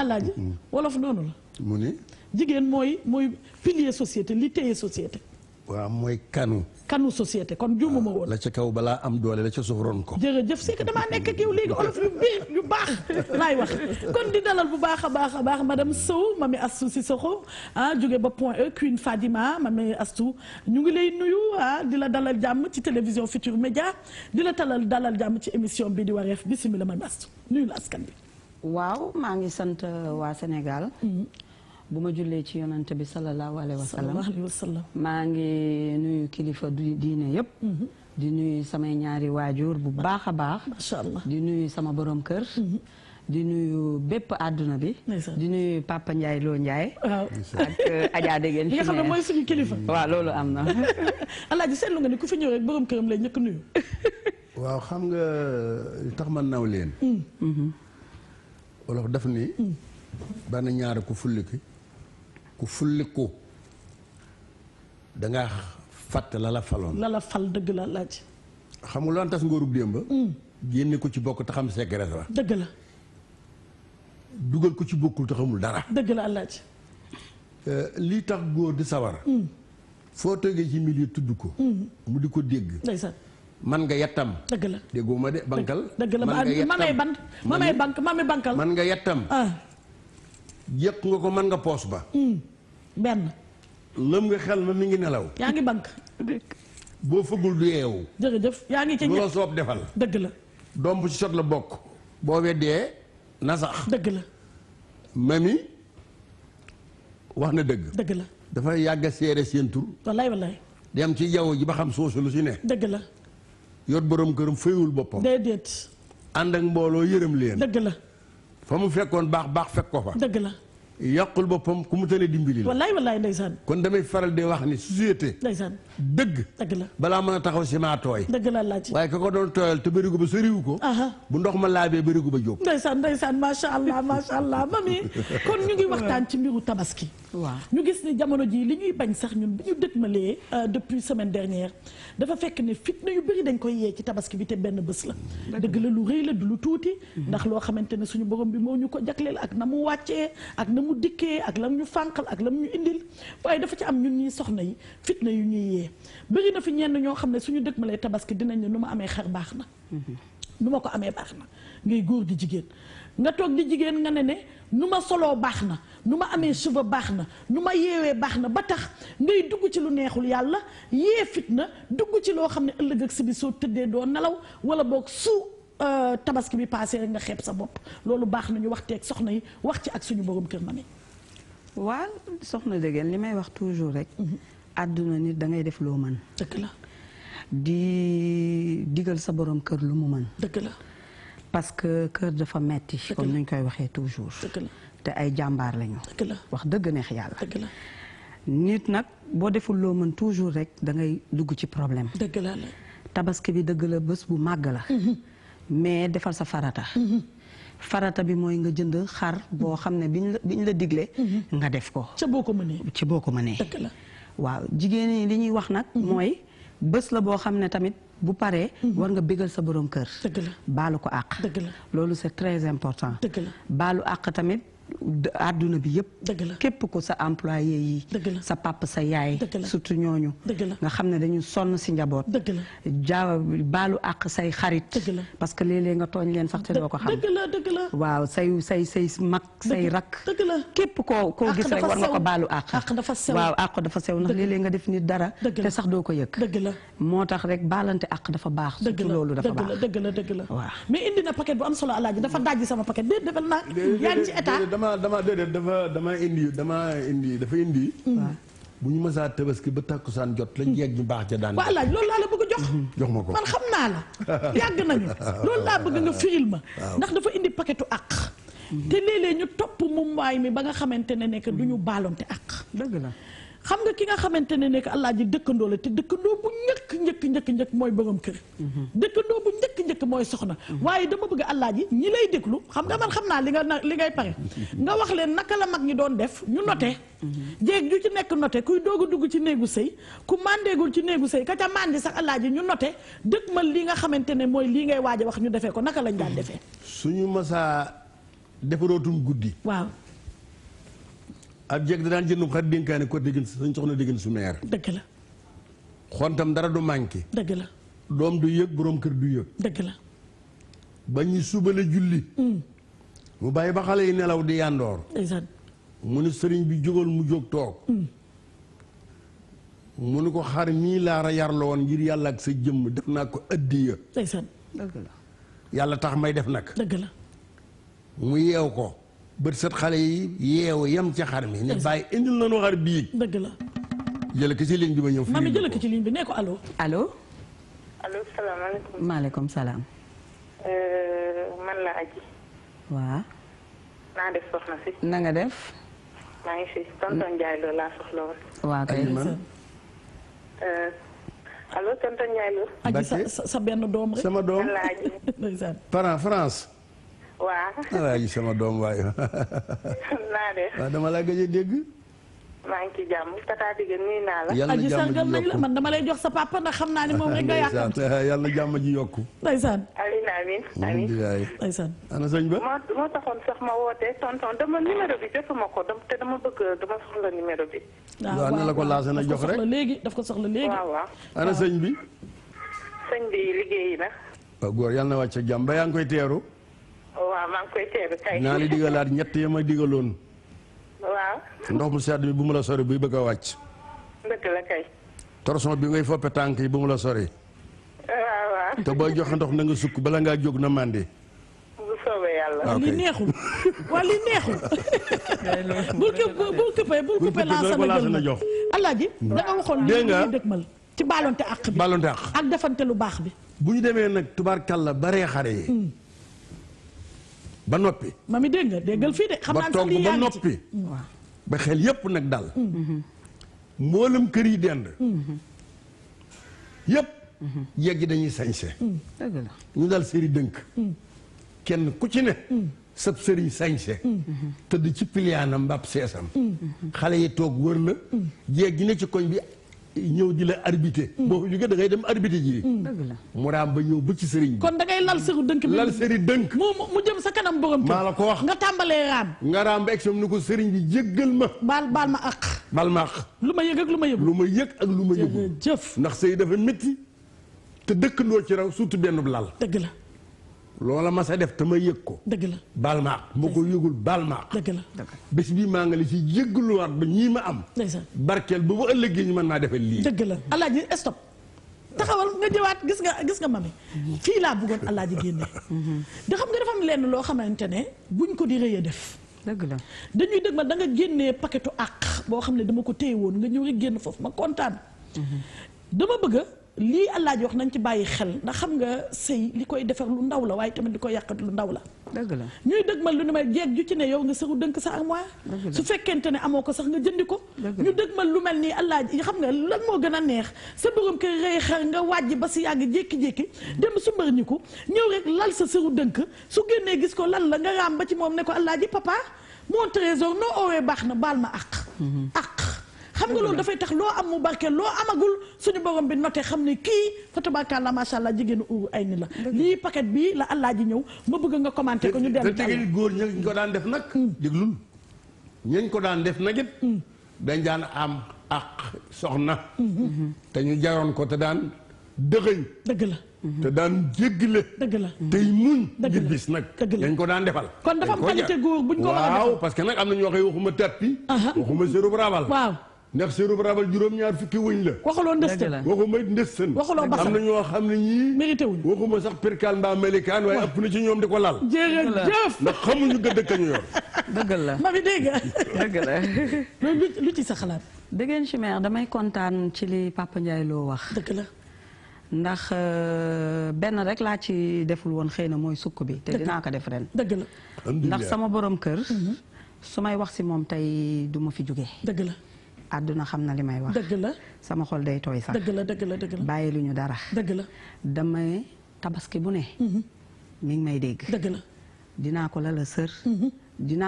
àllaaji wolof noonu la mu ne jigéen mooy mooy pilier société li téye société waaw mooy kanu. kanu société kon juumuma woon. la ca kaw balaa am doole la ca suuf ron ko. jëf c'est que damaa nekk ak yow léegi olof yu biir yu baax laay wax kon di dalal bu baax a baax a baax madame Sow mami Astou Cissokho ah jóge ba point E Queen Fadima mami astu ñu ngi lay nuyu ah di la dalal jàmm ci télévision Futur Média di la talal dalal jàmm ci émission bi di wareef bisimilah mami astu nuyu la askan bi. waaw maa ngi sant euh, waa Sénégal. Mm-hmm. bu ma jullee ci yonante bi sallallahu alayhi wa sallam maa ngi nuyu kilifa diine yëpp mm-hmm. di nuyu samay ñaari waajur bu baax a baax di nuyu sama borom kër mm-hmm. di nuyu bépp àdduna bi. di nuyu Papa Ndiaye Lo Ndiaye. ak euh, Adja Degen. fi nga xam kilifa. Mm-hmm. waaw loolu am na. alaaji seetlu nga ni ku fi ñëw rek borom këram lay ñëkk nuyu. waaw xam nga tax ma naw leen. Mm. wolof daf ni. Mm. bana ñaar ku fulli ki ku fulliku da nga fàtte la la faloon. la la fal dëgg la laaj. xam nga loolu tas nguurub démb. Mm. génne ko ci bokk taxam xam secret la. dëgg la. dugal ko ci bokkul taxamul dara. dëgg la laaj. Euh, lii tax góor di sawar. Mm. foo toogee ci milieu tudd ko. Mm. mu di ko dégg. man nga yattam. dëgg la déggoo ma de bankal. dëgg la man ngay bank man ngay bankal. man nga yattam. Ah. yëq nga ko mën nga poos ba. Hmm. benn. lëm nga xel ma mi ngi nelaw. yaa ngi bank. boo fëggul du yeewu. jërëjëf yaa ngi ci ñëpp soob defal. dëgg la. domp ci sot la bokk. boo weddee na sax. dëgg la. mami wax na dëgg. dëgg la dafay yàgg a seere seen tur. wallaay wallaay. dem ci jaww ji ba xam soosu lu si ne. dëgg la. yor borom këram fayul boppam. déedéet. ànd ak mbooloo yërëm leen. dëgg la. fa mu fekkoon baax baax fekk ko fa. dëgg la. yàqul boppam ku mu tënee dimbili la. wallaay wallaay ndeysaan. kon damay faral di wax ni société. ndeysaan. dëgg balaa mën a taxaw si maa tooy dëgg la laaj waaye ka ko doon tooyal te bërigu ba soriwu ko bu ndox ma laabee bërigu ba jóg ndeysaan ndeysaan macha allah macha allah mami kon ñu ngi waxtaan ci mbiru tabaski waaw ñu gis ni jamono ji li ñuy bañ sax ñun bi ñu dëgmalee euh, depuis semaine dernière dafa fekk ne fitna yu bëri dañ koy yee ci tabaski bi te benn bës la dëgg la lu rëy la du lu tuuti mhm. ndax loo xamante ne suñu borom bi moo ñu ko jagleel ak na mu wàccee ak na mu dikkee ak lam ñu fànqal ak lam ñu indil waaye dafa ci am ñun ñuy soxna yi fitna yu ñuy yee liggéeyee bëri na fi ñenn ñoo xam ne suñu dëgmalee tabaski dinañ ne nu ma amee xar baax na nu ma ko amee baax na ngay góor di jigéen nga toog di jigéen nga ne ne nu ma solo baax na nu ma amee cheveux baax na nu ma yeewee baax na ba tax ngay dugg ci lu neexul yàlla yee fitna dugg ci loo xam ne ëllëg ak si bi soo tëddee doo nelaw wala boog su euh, tabaski bi paase rek nga xeeb sa bopp loolu baax na ñu waxteeg soxna yi wax ci ak suñu borom kër ma ne waaw soxna dëggeen rek mhm. àdduna nit da ngay def loo mën. dëgg la di digal sa borom kër lu mu mën. dëgg la parce que kër dafa metti comme ni koy waxee toujours. dëgg te ay jàmbaar lañu. la wax dëgg neex yàlla. dëgg la nit nag boo deful loo mën toujours rek da ngay dugg ci problème. dëgg la tabaski bi dëgg la bés bu màgg la. Mhm. mais defal sa farata. Mhm. farata bi mooy nga jënd xar boo mhm. xam ne biñ la la digle. nga def ko. ca boo ko mënee. boo ko mënee. dëgg la. waaw jigéen ñi li ñuy wax nag mhm. mooy bés la boo xam ne tamit bu paree mhm. war nga bégal sa borom kër baalu ko àq loolu c'est très important baalu àq tamit àdduna bi yëpp. dëgg la képp ko sa employé yi. dëgg la sa papa sa yaay. surtout ñooñu. dëgg la nga xam ne dañu sonn si njaboot. dëgg la jaa baalu àq say xarit. dëgg la parce que léeg-léeg nga tooñ leen sax te doo ko xam. dëgg la dëgg say say say mag say rak. képp koo koo gis rek war nga ko baalu àq. àq dafa sew na àq dafa nga def nit dara. te sax doo ko yëg. dëgg la moo tax rek baalante àq dafa baax. dëgg la loolu dafa baax dëgg la indi na paquet bu am solo alaaji dafa daaj sama paquet déet defal naa yaa ngi ci dama dama déedéet dafa dama indi dama indi dafa indi. bu ñu mësaa tabaski ba takkusaan jot lañ yegg ñu baax ca daan. voilà loolu laa la bëgg jox. Mhm. jox ma ko man xam naa la yàgg nañu. loolu laa bëgg nga firil ma. ndax dafa indi paketu àq. Mhm. te léeg-léeg ñu topp mu mbaay mi ba nga xamante ne nekk du ñu baalonte àq. dëgg la. xam nga ki nga xamante ne allaaj alaaji dëkkandoo la te dëkkandoo bu njëkk njëkk njëkk njëkk mooy borom kër mm-hmm. dëkkandoo bu njëkk njëkk mooy soxna mm-hmm. waaye dama bëgg alaaji ñi lay déglu xam nga man xam naa li nga li ngay pare mm-hmm. nga wax leen naka la mag ñi doon def ñu note jéeg ju ci nekk note kuy doog a dugg ci néegu sëy ku màndeegul ci néegu sëy ka ca màndi sax alaaji ñu note dëkk ma li nga xamante ne mooy lii ngay waaj a wax ñu defee ko naka lañ daan defee su suñu masaa defarootum guddi waaw ab jeeg da daan jëndum xar dénkaane ko diggante sañ soxna diggante su meer dëgg la xontam dara du manqué dëgg la doom du yëg boroom kër du yëg dëgg la ba ñu subale julli mm. mu bàyyi ba xale yi nelaw di yàndoor mu ne sëriñ bi jógal mu jóg toog mm. mu ne ko xar mii laara yar la woon ngir yàlla ak sa jëmm def naa ko addiya ndeysaan yàlla tax may def nag dëgg la mu yeew ko bët sa xale yi yeewu yem ca xar mi ne bàyyi indil nañu xar bii. dëgg la. jëlee ko ci ci ligne bi nee ko allo. allo. allo salaam. Euh, man la aji. waaw. naa def soxna si. na nga def. maa fi tonton Ndiaye Lo laa soxla woon. kay euh, doom sama doom man la aji. France. waaw. Ah, doom waay. dama laa gëj dégg. maa ngi jàmm tata Dige naa la. yàlla na jàmm ji yokku man dama lay jox sa papa ndax xam naa ne moom rek nga yàlla na jàmm ji yokku. ndeysaan. te dama bëgg dama soxla numéro bi. Ah, waaw na la ko laasana jox rek daf ko soxla léegi daf ko soxla léegi. ana sëñ bi. sëñ bi liggéeyi na. waaw góor yàlla na wàcc jàmm ba yaa ngi koy teeru. waaw maa ngi koy teeru tey. naa la digalaat ñett ya ma digaloon. waaw. ndox mu sedd bi bu mu la sori buy bëgg a wàcc. dëgg la kay. torsion bi ngay foppe tànk yi bu mu la sori. waaw waaw. te booy joxe ndox na nga sukk bala ngaa jóg na màndi. bu li neexul waa li neexul. bul këpp bul këppee bul këppee laa sama jox. alaaji hmm. da waxoon nga dëgmal ci àq bi ak defante lu baax bi. bu ñu demee nag xare yi. Hmm. ba noppi. mami dégg nga déggal fii de. xam naa sax ba togg ba noppi. ba xel yépp nag dal. Mm-hmm. Mm-hmm. mboolem kër yi dend. Mm-hmm. yépp yegg dañuy sañse. Mm. ñu dal sëri dënk. Mm. kenn ku ci ne. Mm. sab sëriñ sañse tëdd ci piliyaanam mbab seesam xale yi toog wër la jéeg gi ne ci koñ bi ñëw di la arbité mm. boo fa jógee da dem arbité ji mm. mu raam ba ñëw ba ci sëriñ bi kon dangay lal sëru dënk bi lal sëri dënk mu mu jëm sa kanam borom maa la ko wax nga tàmbalee raam nga raam ba egg ko sëriñ bi jéggal ma baal baal ma ak baal ma ak lu ma yëg ak lu ma yëg lu ma yëg ak lu ma yëg jëf ndax sëy dafa métti te dëkkandoo ci raw surtout benn lal dëgg la loola ma sa def te ma yëg ko. dëgg la baal ma ko yëgul baal ma dëgg la bés bii maa nga li si jéggaluwaat ba ñii ma am. barkeel bu ba ëllëgee ñu mën naa defal lii. dëgg la alaaji stop taxawal nga jëwaat gis nga gis nga mami fii laa bëggoon alaaji génne. da xam nga dafa lenn loo xamante ne buñ ko di rëy def. dëgg la dañuy dëgg ma da génnee paquetu àq boo xam ne dama ko téye woon nga ñëw rek génn foofu ma kontaan. Mhm. dama bëgg. lii àllaaji wax nañ ci bàyyi xel ndax xam nga sëy li koy defar lu ndaw la waaye tamit li koy yàqat lu ndaw la dëgg la ñuy dëgmal lu ne may jeeg ju ci ne yow nga sëru dënk sa armoire su fekkente ne amoo ko sax nga jëndi ko ñu dëgmal lu mel nii àllaaji xam nga lan moo gën a neex sa borom kër rëy xar nga wàjj ba si yàgg jékki-jékki dem su ñi ko ñëw rek lal sa sëru dënk su génnee gis ko lan la nga raam ba ci moom ne ko àllaaji papa mon trésor noo oowee baax na baal ma àq mm-hmm. àq xam nga loolu dafay tax loo am mu barke loo amagul suñu borom bi noté xam ne kii fa tabaarakalla macha allah jigéenu uuru ay ni la lii paquet bi la allah ji ñëw ma bëgg nga commenté ko ñu dellu tegit góor ñi ko daan def nag hmm. déglul ñañ ko daan def nag it hmm. dañ daan am ak soxna hmm. te ñu jaroon ko te daan dëgëñ dëgg la te daan jéggale dëgg la tey muñ ngir bis nag dañ ko daan defal kon dafa am qualité góor buñ ko war a defal waaw parce que nag am na ñoo koy waxuma tappi waxuma sérub rabal waaw ndax seeru rabal juróom-ñaar fukki wëñ la. waxuloo ndëstën waxuma it ndëstën. waxuloo basal am na ñoo xam ne ñii. mérité wuñ waxuma sax percal mbaa melikaan waaye ëpp na ci ñoom di ko laal. jërëjëf ndax xamuñu gëdd ka ñu dëgg la ma fi ci sa xalaat. dëggeen chimère damay kontaan ci li Papa loo wax. dëgg la. ndax euh, benn rek laa ci deful woon xëy na mooy sukk bi. te dinaa ko def ren. dëgg la. ndax sama borom kër. Mhm. su may wax si moom tey duma fi jógee. dëgg àdduna xam na li may wax. dëgg la sama xol day tooy sax. dëgg la dëgg la dëgg bàyyi lu ñu dara. dëgg la damay tabaski bu ne. Mhm. mi ngi may dégg. dëgg la dinaa ko lala sër. Mhm.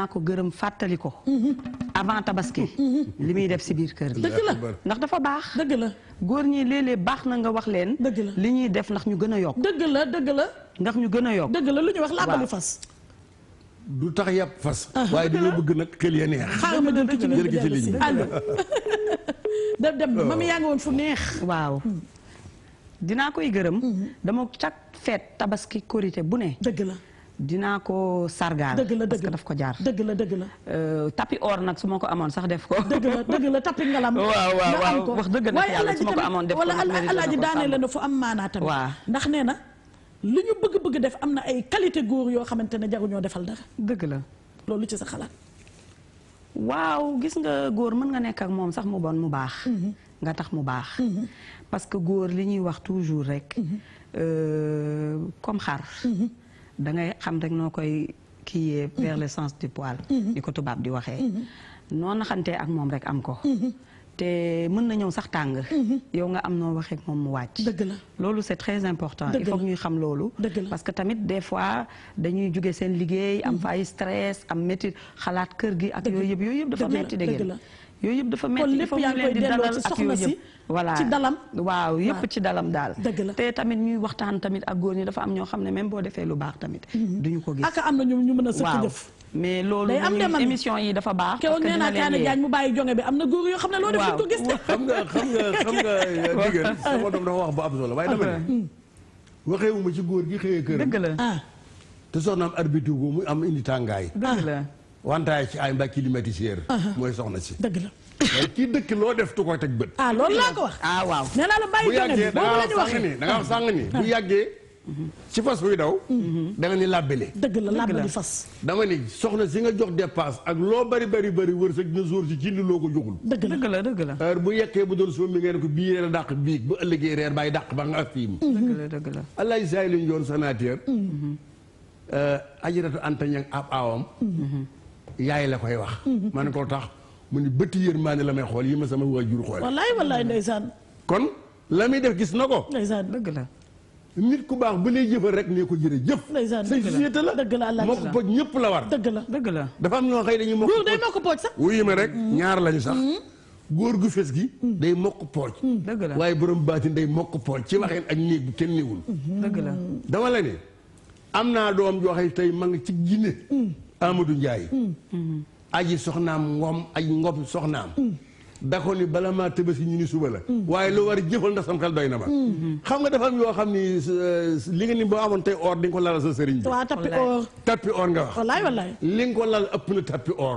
ko gërëm fàttali ko. Mhm. avant tabaski. li muy def si biir kër gi. ndax dafa baax. dëgg la góor ñii léeg-léeg baax na nga wax leen. dëgg la li ñuy def ndax ñu gën a yokk. dëgg la dëgg la. ndax ñu gën a yokk. dëgg la lu ñu wax làmbali fas. du tax yàpp fas waye dañu bëgg nak kël ya neex xam nga ci jërëjëf ci liñu allo dem oh. mami yaa ngi won fu neex waaw hmm. dina koy gërëm hmm. dama chaque fet tabaski korité bu ne deug la dina ko sargal deug la deug daf ko jaar. deug la deug la. Euh, tapi or nak suma ko amone sax def ko. deug la deug la tapi ngalam, waaw waaw waaw wax deug na yàlla su ma ko amone def ko. wala alaaji daane la na fu am maanaa tam ndax neena lu ñu bëgg-bëgg def am na ay qualité góor yoo xamante ne jaruñoo defal dara. dëgg la loolu ci sa xalaat. waaw gis nga góor mën nga nekk ak moom sax mu bon mu baax. Mm-hmm. nga tax mu baax. Mm-hmm. parce que góor li ñuy wax toujours rek. Mm-hmm. Euh, comme xar. da ngay xam rek noo koy kii vers le sens du poil. ni ko tubaab di waxee. noo naxantee ak moom rek am ko. te mën na ñëw sax tàng. Mhm. yow nga am noo waxeek ak moom mu wàcc. dëgg la loolu c'est très important. il faut ñuy xam loolu. parce que tamit des fois dañuy jóge seen liggéey. am fa ay stress am métti xalaat kër gi ak yooy yëpp yooyu yëpp dafa métti dëgg la yooyu yëpp dafa metti il faut ñu leen di dalal ak yooyu yëpp ci dalam waaw yëpp ci dalam daal dëgg la te tamit ñuy waxtaan tamit ak góor ñi dafa am ñoo xam ne même boo defee lu baax tamit mhm. duñu ko gis am na ñu ñu mën mais loolu mission yi dafa baax. parce que dina leen yee mu bàyyi jonge bi am na góor yoo xam ne loo def. ko gis de xam nga xam nga dafa wax bu am solo waaye dama ne. Hmm. ci góor gi xëyee kër. dëgg la ah. te soxnaam mu am indi tàngaay. dëgg la ci ay mbaa climatiseur. Ah. mooy soxna si dëgg la. dëkk loo def tu ko teg bët. ah loolu laa ko wax. ah la bàyyi jonge bi boobu la ñu waxee ah. bu yàggee da bu yàggee. ci fas buy daw. da nga ni làbbali. dëgg la làbbali fas. dama ni soxna si nga jox dépense ak loo bari bari bari wërsëg dina sóor si jindi loo ko joxul. dëgg la dëgg la dëgg la. heure bu yekkee bu doon suba mi ngeen ko bii reer dàq biig bu ëllëgee reer bàyyi dàq ba nga fiim. la dëgg la. alaay saa yi lañu yoon sanateur. Mm-hmm. Euh, ajiratu ak ab mm-hmm. yaay la koy wax. Mm-hmm. man koo tax mu ni bëtt yërmaande la may xool yi ma sama waajur xool. wallaay wallaay saan kon la muy def gis na ko. ndeysaan dëgg la. nit ku baax bu lay jëfal rek ne ko jërëjëf. dëgg la dëgg la moo ko pooj ñëpp la war. dëgg la dëgg la. dafa am ñoo xëy dañuy mokk. day mokk pooj sax. wuyu ma rek ñaar lañu sax. Mm-hmm. góor gu fees gi. Mm. day mokk pooj. Mm. dëgg la waaye borom baatin day mokk pooj ci waxeen ak néeg bu kenn néewul. Mm-hmm. dëgg la mm-hmm. dama la ne am naa doom joo tey ma ngi ci Guinée. Mm. Amadou Ndiaye. aji soxnaam ngom aji ngom soxnaam. dako ni bala maa tëbësi ñu ni suba la mm. waaye lu war a jëfal ndax sam xel doy na ma mm. xam nga dafa am yoo xam ni euh, li nga ni boo amoon tey or di ko lal sa sëriñ bi waaw tappi or tappi or nga wax wallaay wallaay li ko lal ëpp na tappi or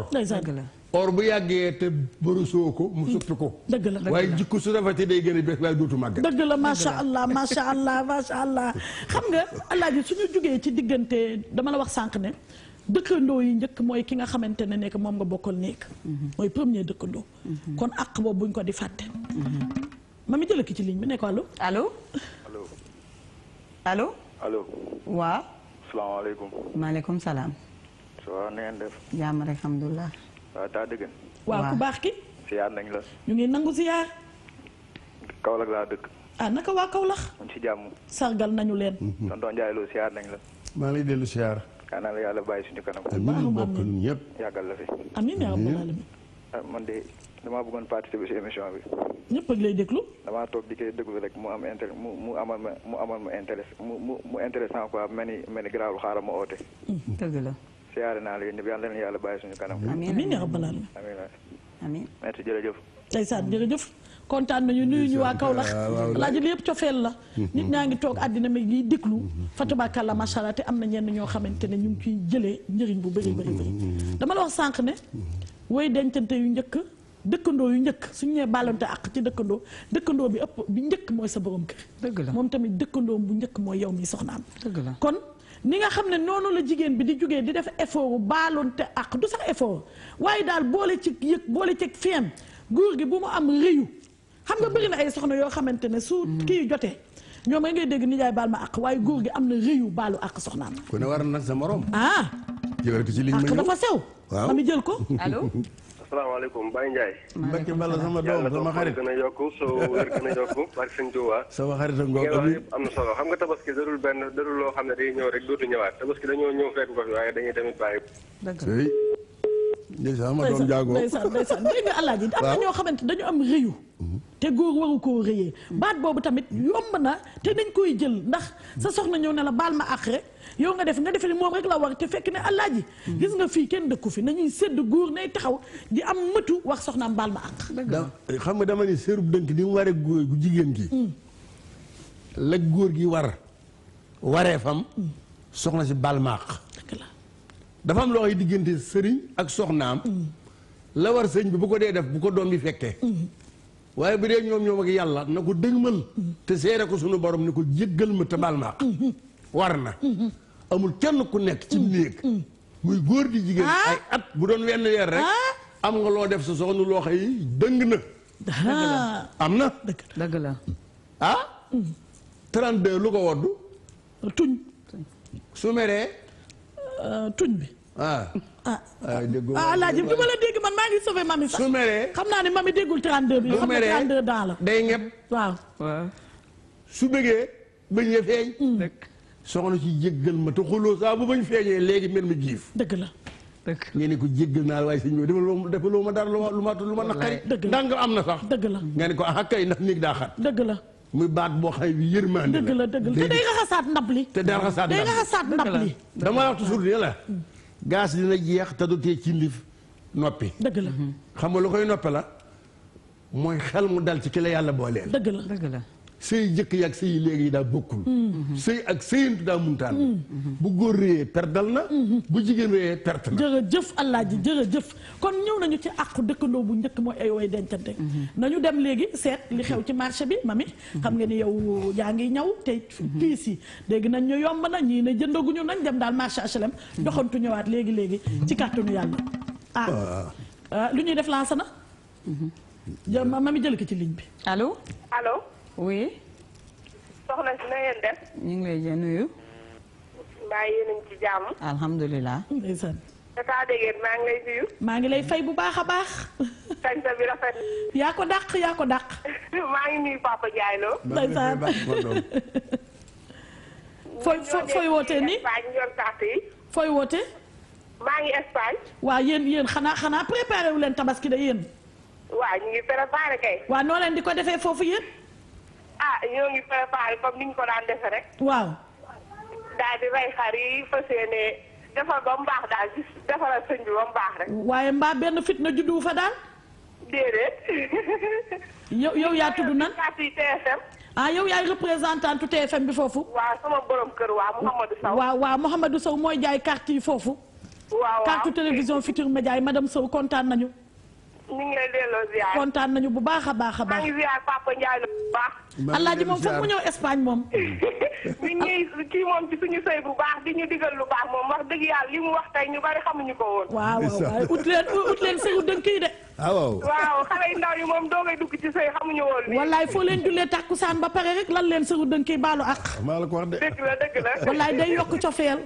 or bu yàggee te bërësoo ko mu mm. suppi ko dëgg la waaye jikko su a bees waaye màgg dëgg la macha allah macha allah macha allah xam nga alaaji suñu jugee ci diggante dama la wax sànq ne dëkkandoo yi njëkk mooy ki nga xamante ne nekk moom nga bokkoon nekk. Mhm. mooy premier dëkkandoo. Mhm. kon àq boobu buñ ko di fàtte. Mhm. mami jëla ki ci ligne mu nekk allo. aloo allo. allo. allo. waaw. salaamaaleykum. maaleykum salaam. ça va na def. jàmm rek alhamdulilah. Ah, waaw taa dëgg. waaw ki. siyaar nañ la. ñu ngi nangu siyaar. Kaolack laa dëkk. ah naka waa Kaolack. ñu ci jàmm. sargal nañu leen. tonton Ndiaye Lo siyaar nañ la. maa ngi lay dellu siyaar. kaanaa la yàlla bàyyi suñu kanam. amiin ñu bokk ñun ñëpp. yàggal la fi. amiin yaa rabbal aalamiin. ah man de damaa bëggoon participer si émission bi. ñëpp ak lay déglu. damaa toog di koy déglu rek mu am inter mu mu amal ma mu amal ma intéresse mu mu mu intéressant quoi mel ni mel ni garaawul xaaral ma oote. Mm-hmm. dëgg naa la yéen ñëpp yàlla na yàlla bàyyi suñu kanam. amiin amiin yaa rabbal aalamiin. amiin amiin. merci jërëjëf. tey Saad jërëjëf. kontaan nañu nuyu ñu kaw lax laaj li yëpp cofeel la mm-hmm. nit ñaa ngi toog àddina mi ngi déglu mm-hmm. fatabakàlla macha allah te am na ñenn ñoo xamante ne ñu ngi ciy jëlee njëriñ bu bëri bëri bëri mm-hmm. dama la wax sànq ne woy dencante yu njëkk dëkkandoo yu njëkk suñu nee baalante àq ci dëkkandoo dëkkandoo bi ëpp bi njëkk mooy sa borom kër dëgg la moom tamit dëkkandoo bu njëkk mooy yow mi soxnaam dëgg la kon ni nga xam ne noonu la jigéen bi di jógee di def effort baalonte ak du sax effort waaye daal boole ci yëg boole góor gi bu mu am rëyu xam nga bëri na ay soxna yoo xamante ne su mm-hmm. kii jotee ñoom nga ngay dégg nijaay baal ma àq waaye góor gi am na rëyu baalu àq soxnaam ku ne war na sa moroom ah jëlal ko ci liñ ma ñëw dafa sew waaw ma jël ko allo asalaamaaleykum Baye Ndiaye Mbacke Balla sama doom sama xarit gën a yokk soo wér gën a yokk barke sëñ Touba sama xarit ak ngoo yëpp am na solo xam nga tabaski darul benn darul loo xam ne day ñëw rek dootu ñëwaat tabaski dañoo ñëw fekk ko fi waaye dañuy tamit bàyyi ndeysaan ma doom jaagoo ndeysaan ndeysaan dégg nga alaaji am na ñoo dañu am rëyu te góor waru koo rëyee baat boobu tamit yomb na te dañ koy jël ndax sa soxna ñëw ne la baal yow nga def nga defe ni moom rek la war te fekk ne alaaji gis nga fii kenn dëkku fi nañuy sédd góor ne taxaw di am mëtu wax soxnaam baal ma àq eh, xam nga dama ne sërub dënk di mu waree góor gu jigéen gi hmm. la góor gi war waree fam hmm. soxna si baal ma àq dafa am loo xam diggante sëriñ ak soxnaam. la war sëñ bi bu ko dee def bu ko doom bi fekkee. waaye bu dee ñoom ñoom ak yàlla na ko dëgmal. te seere ko sunu borom ni ko jéggal ma tabaal ma war na. amul kenn ku nekk ci néeg. muy góor di jigéen ah. at bu doon wenn weer rek. Ah. am nga loo def sa soxna loo xëy dëng na. Ah. am na. dëgg la ah. lu ko wodd tuñ su meree. Euh, tuñ bi. ah ah, ah, ah alaaji bi ma la dégg man maa ngi sauvé mami sax. su meree xam naa ne mami déggul 32 bi. xam ne 32 daan la day ñëpp. waaw su bëggee bañ a feeñ. Hmm. soxna si jéggal ma te xuloo saa bu bañ feeñee léegi mel mi jiif. dëgg la. dëgg ngeen ne ko jéggal naa la waaye sëñ bi dafa loo ma dara lu ma ma naqari. dëgg la am na sax. dëgg la ngeen ne ko ah kay ndax néeg daa xat. dëgg la. muy baat boo xay bi yërmande la dëgg la dëgg la te day nga xasaat ndab li te day nga xasaat day nga xasaat ndab dama la wax toujours ne la mm. gaz dina jeex te du tee ci ndif noppi dëgg la xam nga lu koy noppe la mooy xel mu dal ci ki la yàlla booleel dëgg la dëgg la sëy jëkk yi ak sëy léegi yi daa bokkul mm-hmm. sëy ak sëyantu daa muntaan mm-hmm. bu góor réyee perdal na mm-hmm. bu jigéen réyee perte na jërëjëf Alaaji jërëjëf kon ñëw nañu ci àqu dëkkandoo bu njëkk mooy ay way dencante nañu dem léegi seet li xew ci marché bi mami xam nga ni yow yaa ngi ñaw tey piis yi léegi nañ ñu yomb na ñii ne jëndaguñu nañ dem daal marché HLM doxantu ñëwaat léegi léegi ci kàttanu yàlla ah. Ah. Ah, lu ñuy def lancé na mami jël ko ci ligne bi allo allo oui. soxna si na ngeen def. ñu ngi lay nuyu. mbaa yéen a ngi ci jàmm. alhamdulilah. ndeysaan. maa ngi lay nuyu. maa ngi lay fay bu baax a baax. sañsa bi rafet. yaa ko dàq yaa ko dàq. maa ngi nuyu Papa Ndiaye Lo. ndeysaan. fooy fooy wootee nii fooy wootee. maa ngi Espagne. waaw yéen yéen xanaa xanaa préparé wu leen tabaski de yéen. waa ñu ngi préparé kay. waaw noo leen di ko defee foofu yéen. ah ñoo ngi préparé comme ni ñu ko daan defee rek. waaw. daal di rey xar yi fas yéene defar ba mu baax daal gis defaral sëñ bi ba mu baax rek. waaye mbaa benn fitna juddu fa daal. déedéet. yow yow yaa tudd nan TFM. ah yow yaay représentante TFM bi foofu. waa sama borom kër waaw Mouhamadou Sow. waaw waaw Mouhamadou mooy jaay carte foofu. waaw waaw carte télévision Futurs Médias yi madame Sow kontaan nañu. ñu ngi lay delloo ziar. kontaan nañu bu baax a baax a baax. maa ngi ziar Papa Ndiaye bu moom foog mu ñëw Espagne moom. ñu ngi kii moom ci suñu sëy bu baax di ñu digal lu baax moom wax dëgg yàlla yi mu wax tey ñu bari xamuñu ko woon. waaw waaw ut leen ut leen sëyu dënk yi de. Ah, waaw xale yu ndaw yi moom doo ngay dugg ci sëy xamuñu woon. wallaay foo leen jullee saan ba pare rek lan leen sëyu dënk yi baalu ak. maa la ko wax de. dëgg la dëgg la. wallaay day yokk cofeel.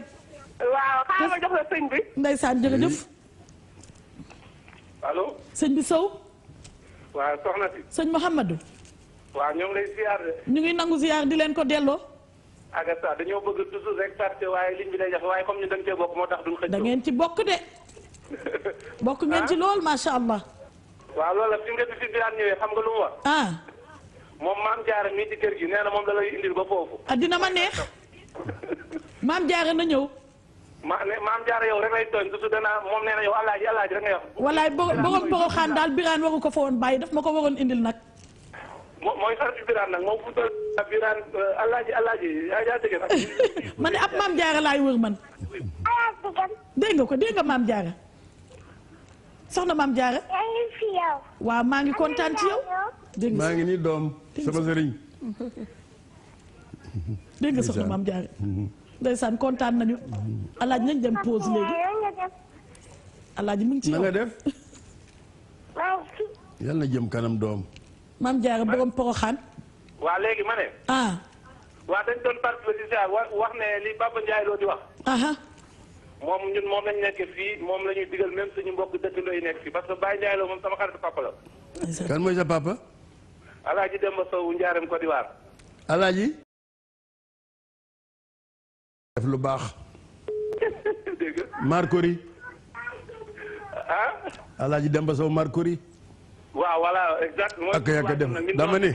waaw xaaral ma jox la sëñ bi. ndeysaan allo sëñ bi Sow. waaw soxna si. sëñ Mouhamadou. waaw ñoo ngi lay ziar ñu ngi nangu ziar di leen ko delloo. Agasa dañoo bëgg toujours rek parce que waaye bi day jafe waaye comme ñu dañ cee bokk moo duñ da ngeen ci de. ngeen ci ah? lool allah. xam nga lu ah. moom maam jaara mii ci kër gi nee na da lay indil ba ah, ma neex. na ma maam jaara yow rek lay tooñ daal biraan ko fa woon bàyyi daf ma ko waroon nag. moom mooy xaritu biraan nag moom fu mu toll euh, ma ne nga ko dégg nga maam jaara. soxna maa ngi kontaan ci yow. ngi nii doom sama sëriñ. dégg nga soxna maam jaara. Mhm. ndeysaan kontaan nañu allaaj nañ dem pause léegi alaaji mu ngi ci na nga def yal na jëm kanam doom maam jaara borom poroxaan waa léegi ma ne ah waa dañ doon participer wax ne li Baba Ndiaye di wax moom ñun moom lañ nekk fii moom la ñuy digal même suñu mbokk dëkkandoo yi nekk fii parce que Baye Ndiaye la moom sama xaritu papa la. kan mooy sa papa. dem Demba Sow Ndiarème Côte d'Ivoire. Alaaji. def lu baax. dégg nga. Marcori. ah. Alaaji Demba Sow Marcori. waaw voilà exact. ak yàgg a dem dama ne.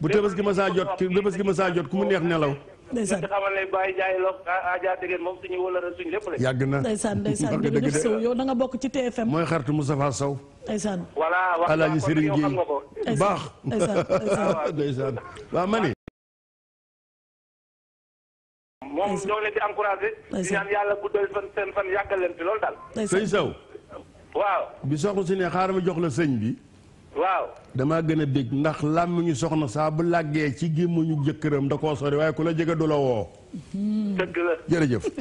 bu Tabaski ma saa jot bu Tabaski ma saa jot ku mu neex nelaw. ndeysaan xamal lo Adja Degene moom suñu wala suñu lépp la. yàgg na ndeysaan ndeysaan jërëjëf Sow da nga bokk ci TFM. mooy xaritu mu Sow. ndeysaan voilà wax nga ko yow baax. ndeysaan ndeysaan ma ne. moom ñoo leen di encouragé. di ñaan yàlla guddal fan fan yàggal fi loolu daal. sëñ Sow. waaw. bi soxna si ne xaaral ma jox la sëñ bi. waaw. damaa gën a dégg ndax làmmiñu soxna saa làggee ci gémmiñu jëkkëram da koo waaye ku la jege du la woo. dëgg la jërëjëf.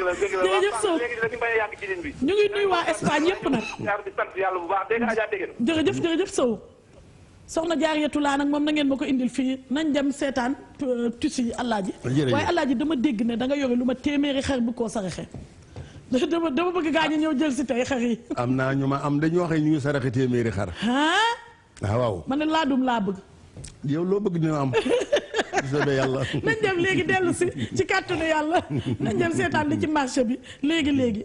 jërëjëf Sow ñu ngi nuyu waa Espagne yëpp nag. di sant yàlla bu baax soxna jaar jaariyatu laa nak mom na ngeen mako indil fi nañ dem setan tusi yi way waaye dama deg ne da nga yore luma ma téeméeri xar bu ko saraxe dama dama bëgg gaa ñëw jël ci tay xar yi amna ñuma am dañ waxé ñu saraxe téeméeri xar ha waaw man la dum la bëgg yow lo bëgg dina am soobee yàlla nañ dem léegi delu ci ci kàttanu yàlla nañ dem setan li ci marché bi léegi léegi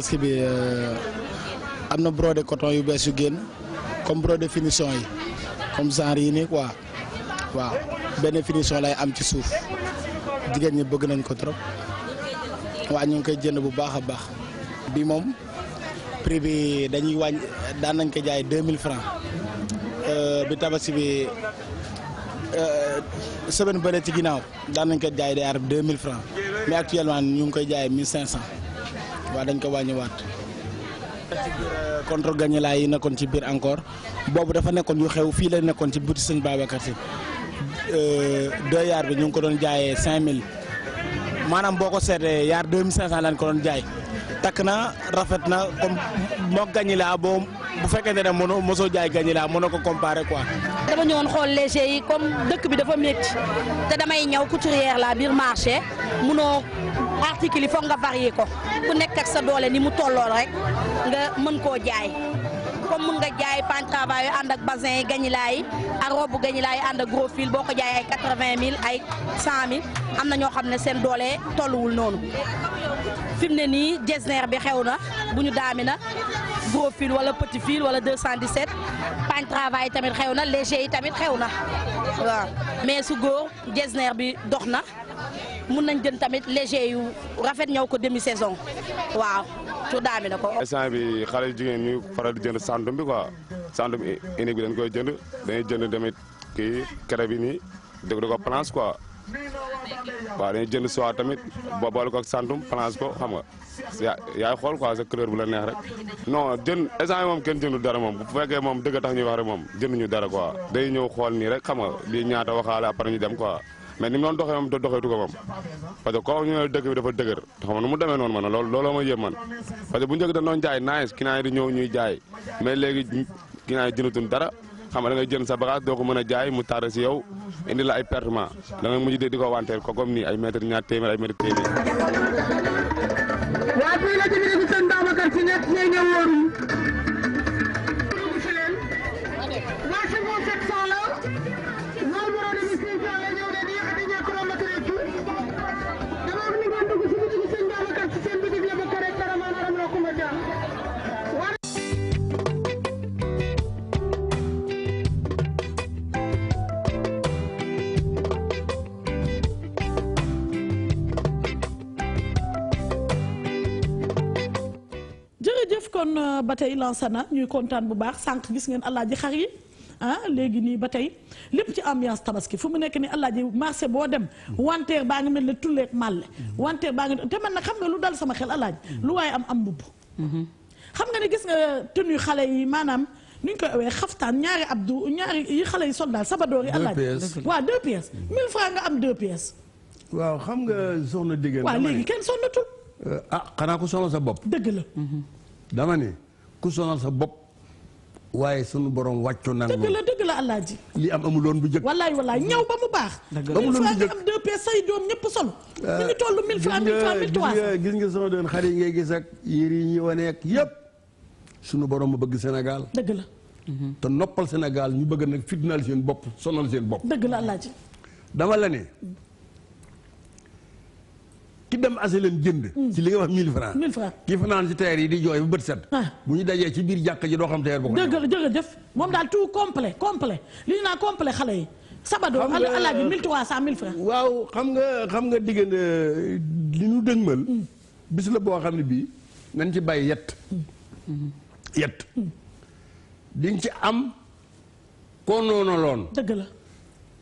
tabaski bi euh, am na brode coton yu bees yu génn comme brodé finition yi comme genre yi nii quoi waaw benn finition lay am ci suuf jigéen ñi bëgg nañ ko trop waa ñu ngi koy jënd bu baax a baax bi moom prix bi dañuy wàññ daan nañ ko jaay 2000 francs euh, bi tabaski bi euh, semaine bële ci ginnaaw daan nañ ko jaay day ar 2000 francs mais actuellement ñu ngi koy jaay 1500. waaw dañ ko wàññiwaat. ci biir euh, contre Gagnela yi nekkoon ci biir encore boobu dafa nekkoon yu xew fii lay nekkoon ci biir sëñ Babacar Si euh, deux yaar bi ñu ngi ko doon jaayee 5000 maanaam boo ko seetee yaar 2500 lañ ko doon jaay takk na rafet na comme moo Gagnela boo bu fekkente ne mënoo mosoo jaay Gagnela mënoo ko comparer quoi. dama ñëwoon xool léger yi comme dëkk bi dafa métti te damay ñëw couturière la biir marché mënoo. article yi foog nga varié ko ku nekk ak sa doole ni mu tollool rek nga mën koo jaay comme mën nga jaay pan travail yu ànd ak basin yi gañilaay a ak robe gañilaay yi ànd ak gros fil boo ko jaay ay quatre-vingt mille ay cent mille am na ñoo xam ne seen doole tolluwul noonu fi mu ne nii jesner bi xew na bu ñu daami na gros fil wala petit fil wala deux cent 217 pan travail yi tamit xew na léger yi tamit xew na waaw mais su góor jesner bi dox na mun nañ jën tamit léger yu rafet ñëw ko demi saison waaw su daami na ko. instant bi xale jigéen ñuy faral di jënd sandum bi quoi sandum uni bi dañ koy jënd dañuy jënd tamit kii kere bi nii di ko planche quoi waaw dañuy jënd soit tamit boo boole ko ak sandum ko xam nga yaa yaay xool quoi sa couleur bu la neex rek non jën instant moom kenn jëndu dara moom bu fekkee moom dëgg tax ñuy wax rek moom ñu dara quoi day ñëw xool nii rek xam nga lii ñaata waxaale après ñu dem quoi mais ni mu doon doxee moom doxeetu ko moom parce que ko ñu ne dëkk bi dafa dëgër xam nga nu mu demee noonu man loolu looloo ma yëm man parce bu njëkk dañ doon jaay nice client yi di ñëw ñuy jaay mais léegi client yi jëndatuñ dara xam nga da ngay jënd sa bagage doo ko mën a jaay mu tardé si yow indi la ay pertement da ngay mujj di ko wanteer ko kom nii ay mètre ñaar téeméer ay mètre téeméer. waa fii la ci biir bi sëñ si ñett ñee ñëwoon kon euh, ba tey na ñuy kontaan bu baax sànq gis ngeen alaaji xar yi ah léegi nii ba tey lépp ci ambiance tabaski fu mu nekk nii alaaji marché boo dem wanteer baa ngi mel ne tulleeg màlle wanteer baa ngi te man nag xam nga lu dal sama xel alaaji mm-hmm. lu waaye am am mbubb mm-hmm. xam nga ne gis nga tenue xale yi maanaam ni ñu koy owee xaftaan ñaari abdu ñaari yi xale yi soldaal sabadoor yi alaaji waaw deux pièces mm-hmm. mille francs nga am deux pièces waaw xam nga soxna diggéen waaw léegi kenn sonnatul euh, ah xanaa ko soxla sa bopp dëgg la dama ne ku sonal sa bopp waaye sunu borom wàccu nan dëgg la dëgg la alaaji li am amuloon bu jëkk wallaay wallaay ñaw ba mu baax ba mu loon bu jëkk am deux pièces say doom ñëpp solo euh, ñu ngi toll mille francs mille francs mille gis nga sama doon xar yi ngay gis ak yére yi ñuy wane ak yëpp sunu borom ma bëgg senegal dëgg la mhm. te noppal Sénégal ñu bëgg nag fitnaal seen bopp sonal seen bopp dëgg la alaaji dama la ne ki dem ase leen jënd. ci hmm. li nga wax 1000 francs 1000 francs ki fanaan ci teer yi di jooy bu bët set. Ah. bu ñu dajee ci biir jàkk ji doo xam teer bu ko. dëgg jërëjëf moom daal tout complet complet li ñu naan complet xale yi. sabado alaaj bi 1300 1000 francs waaw xam nga xam nga diggante euh, li ñu dëgmal. Hmm. bis la boo xam ne bii nañ ci bàyyi yet yett. Hmm. di nga ci am koo noonu loon. dëgg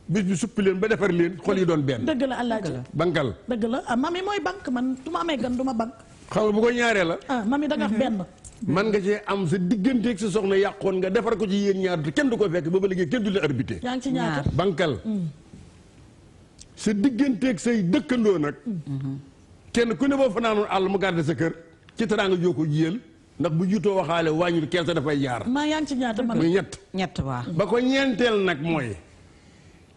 bis bi suppi leen ba defar leen xol yi doon benn. dëgg la alaaji bankal dëgg la ah mami mooy banque man su ma amee gan du ma bank xam nga bu ko ñaaree la. ah mami da nga wax mhm. benn. man nga cee am sa digganteeg sa soxna yàqoon nga defar ko ci yéen ñaar bi kenn du ko fekk ba ba léegi kenn du la arbité. yaa ngi ci ñaar bankal. Mm. dëkkandoo nag. Mm. Mhm. kenn ku ne boo fanaanoon àll mu garde sa kër ci teraanga joo ko jiyal bu jutoo waxaale wàññul kersa dafay jaar. maa yaa ngi ci ñaata man muy ñett. ñett waaw ba ko ñeenteel nag mooy.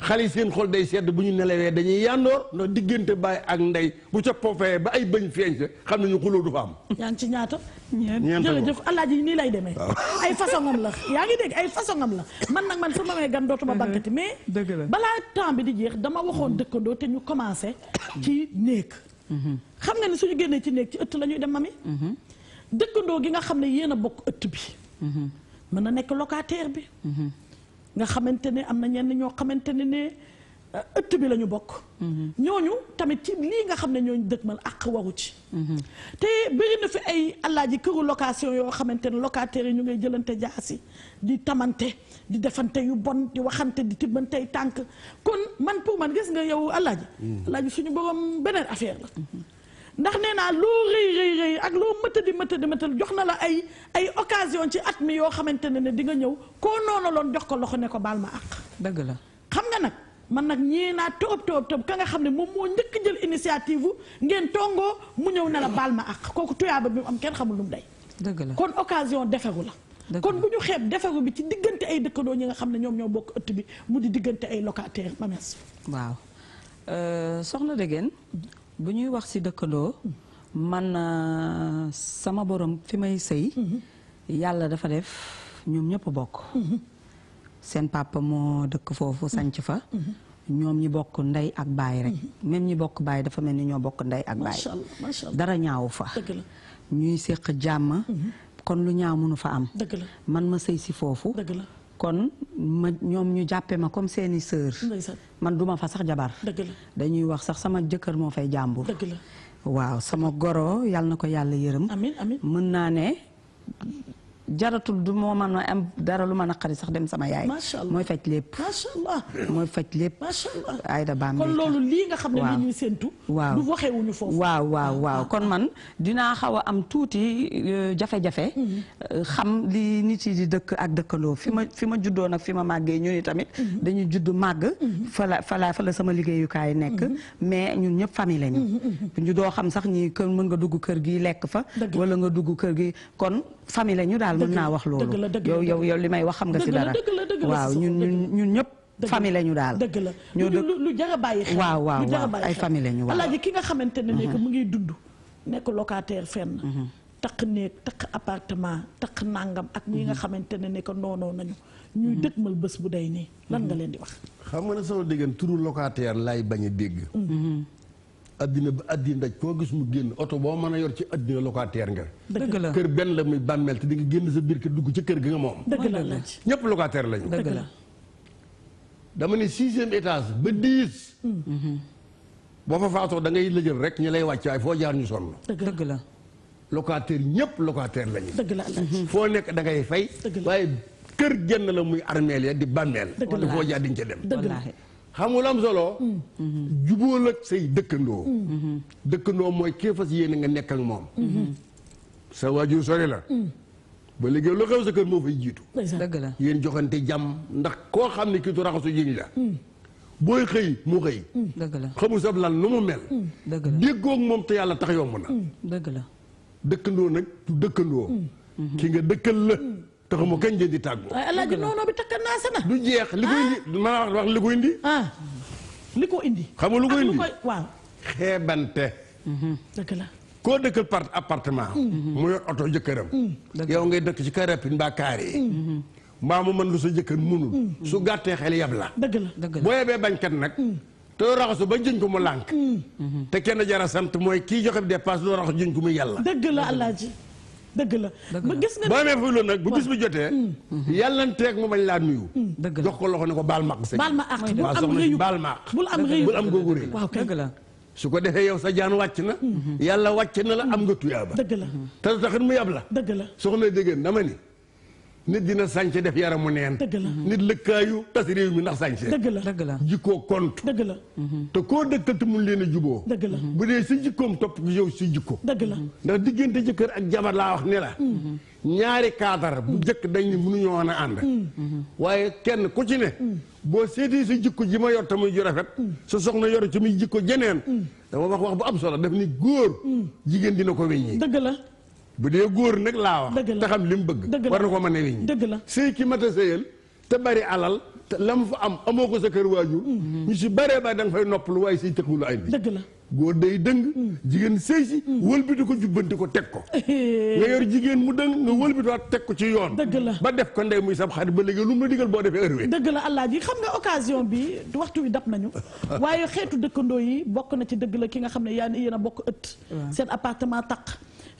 xale yi seen sedd bu ñu nelawee dañuy yàndoor ndax diggante baay ak ndey bu ca pofee ba ay bëñ feeñ sa xam nañu xuloo du am. yaa ngi ci ñaata. ñeent jërëjëf alaaji yi nii lay demee. ay façonam la yaa ngi dégg ay façonam la man nag man su ma may gan dootuma mm-hmm. bàggati mais. dëgg la balaa temps bi di jeex dama waxoon dëkkandoo te ñu commencé. ci néeg. Mm-hmm. xam nga ni suñu génnee ci néeg ci ëtt la ñuy dem mami. Mm-hmm. dëkkandoo gi nga xam ne yéen a bokk ëtt bi. mën na nekk locataire bi. nga xamante ne am na ñenn ñoo xamante ne ne euh, ëtt bi la ñu bokk. Mm-hmm. ñooñu tamit ci lii nga xam ne ñooñu dëgmal ak waru ci. Mm-hmm. te bëri na fi ay allaaji këru location yoo xamante ne locataires yi ñu ngay jëlante jaasi di tamante di defante yu bon di waxante di tibbantey tànk kon man pour man gis nga yow alaaji. alaaji mm-hmm. suñu borom beneen affaire la. ndax nee naa loo rëy rëy rëy ak loo mëtadi mëtadi mëtadi jox na la ay ay occasion ci at mi yoo xamante ne ne di nga ñëw ko noonu loon jox ko loxo ne ko baal ma àq. dëgg la xam nga nag man nag ñii naa toob toob ka nga xam ne moom moo njëkk jël initiative ngeen tongoo mu ñëw ne la baal ma àq kooku tuyaaba bi mu am kenn xamul lu mu day. dëgg la kon occasion deferu la. kon bu ñu xeeb deferu bi ci diggante ay dëkkandoo ñi nga xam ne ñoom ñoo bokk ëtt bi mu di diggante ay locataire mames waaw euh, soxna Degene bu ñuy wax ci dëkkandoo man euh, sama borom fi may sëy yàlla dafa def ñoom ñëpp bokk seen papa moo dëkk foofu sanc fa ñoom ñi bokk ndey ak baay rek même ñi bokk baay dafa mel ni ñoo bokk ndey ak baay dara ñaaw fa ñuy séq jàmm mhm. kon lu ñaaw mënu fa am man ma sëy si foofu kon ma ñoom ñu jàppe ma comme seeni sœur man duma fa sax jabar dañuy wax sax sama jëkkër moo fay jàmbur waaw sama goro yàlla na ko yàlla yërëm amiin amiin mën naa ne jaratul du moo man a am dara lu ma naqari sax dem sama yaay. macha allah mooy faj lépp. macha mooy faj lépp. macha allah Aïda Ba kon loolu lii nga xam ne li ñuy séntu. waaw waaw waaw kon man dinaa xaw a am tuuti euh, jafe-jafe. Mm-hmm. Euh, xam li nit yi di dëkk ak dëkkandoo fi ma fi ma juddoo nag fi ma màggee ñu ni tamit. Mm-hmm. dañuy judd màgg. Mm-hmm. fa la fa sama liggéeyukaay nekk. mais ñun ñëpp famille ñu doo xam sax ñi kër mën nga dugg kër gi lekk fa. wala nga dugg kër gi kon. famille la ñu daal mën naa wax loolu yow yow yow li may wax xam nga si dara waaw ñun ñun ñun ñëpp famille la ñu daal dëgg la ñoo lu jar a bàyyi xel waaw waaw waaw ay famille la ñu waaw alaaji ki nga xamante ne nekk mm-hmm. mu ngi dund nekk locataire fenn mm-hmm. takk néeg takk appartement takk nàngam ak ñi nga mm-hmm. xamante ne nekk noonoo nañu ñuy dëgmal bés bu day nii lan nga leen di wax xam nga ne sama déggan turu locataire laay bañ a dégg adina ba addi ndaj ko gis mu genn auto bo meuna yor ci adina locataire nga. dëgg la kër benn la muy bammel te di nga génn sa bir keur dug ci keur gi nga mom dëgg la ñëpp locataire lañu. dëgg la dama ne sixième étage ba dix. bo fa faato da ngay lejeul rek ñu lay wàcc fo jaar ñu sonn. deug la locataire ñepp locataire lañu. deug la fo nek da ngay fay. waye keur genn la muy armel ya di bammel dëgg la foo jaar di nga ca dem. xam nga lu am solo. juboo ak say dëkkandoo. dëkkandoo mooy kee fas a nga nekk ak moom. sa waajur sori la. ba liggéey lu xew sa kër moo fay jiitu. dëgg la yéen joxante jàmm ndax koo xam ne kii tu raxasu jiñ la. booy xëy mu xëy. dëgg la xamul sab lan nu mu mel. dëgg moom te yàlla tax yomb na. dëgg dëkkandoo nag dëkkandoo. Mm. ki nga dëkkal la. te xamoo kañ ngeen di tàggoo. waaye alaaji noonu bi takka naa sana. du jeex li koy indi ah. maa wax ah. li ko indi. li ko indi. xam nga lu ko indi waaw. xeebante. Mhm. koo dëkkal part appartement. Mhm. mu yor oto jëkkëram. Mhm. yow ngay dëkk ci karapin mbaa kaar yi. mbaa mu mën lu sa jëkkër mënul. su gàttee xel yab la. dëgg la dëgg boo yebee bañkat nag. te doo raxasu ba jëñ ko mu lànk. te kenn jara sant mooy kii joxe bi dépasse doo raxasu jëñ ko mu yàlla. dëgg la ji dëgg la ba gis nga. boo amee fuloon nag bu gis bi jotee. Hmm. Hmm. yàlla na teeg mu bañ laa nuyu. Hmm. dëgg jox ko loxo ne ko baal ma ak. baal ma ak bul am réyu baal ma ak bul am réyu bul am googu réyu waaw dëgg la. su ko defee yow sa jaan wàcc na. yàlla wàcc na la am nga tuyaaba. dëgg la te taxit mu yab la. dëgg la soo soxna dégg dama ni. nit dina sànce def yaram mu neen. dëgg nit lëkkaayu tas réew mi ndax sànce. dëgg la dëgg la jikkoo compte. dëgg la. te koo dëkkal te mun leen juboo. dëgg la bu dee si jikkoom topp yow si jikko. dëgg la ndax diggante jëkkër ak jabar laa wax ne la. Mm. ñaari kaadar bu jëkk dañ ni mënuñoo woon a ànd. Mm. waaye kenn ku ci ne. Mm. boo seetee si jikko ji ma yor te muy ju rafet. sa soxna yoru ci muy jikko jeneen. dama wax wax bu am solo daf ni góor. jigéen dina ko weññi. dëgg la. bu dee góor nag laa wax dëgg te xam li mu bëgg war na ko mën a nit ñi dëgg la sëy ki mat a sëyal te bari alal te la mu fa am amoo ko sa kër waajur mm-hmm. ñu si baree ba da nga fay noppalu waaye sëy tëkkulu ay bi dëgg la góor day dëng mm-hmm. jigéen sëy si mm-hmm. wëlbiti ko jubbanti teg ko eh. nga yor jigéen mu dëng nga wëlbituwaat teg ko ci yoon dëgg la ba def ko ndey muy sab xarit ba léegi lu mu la digal boo defee heure dëgg la Alaaji xam nga occasion bi waxtu wi dab nañu waaye xeetu dëkkandoo yi bokk na ci dëgg la ki nga xam ne yaa yéen a bokk ëtt seen appartement taq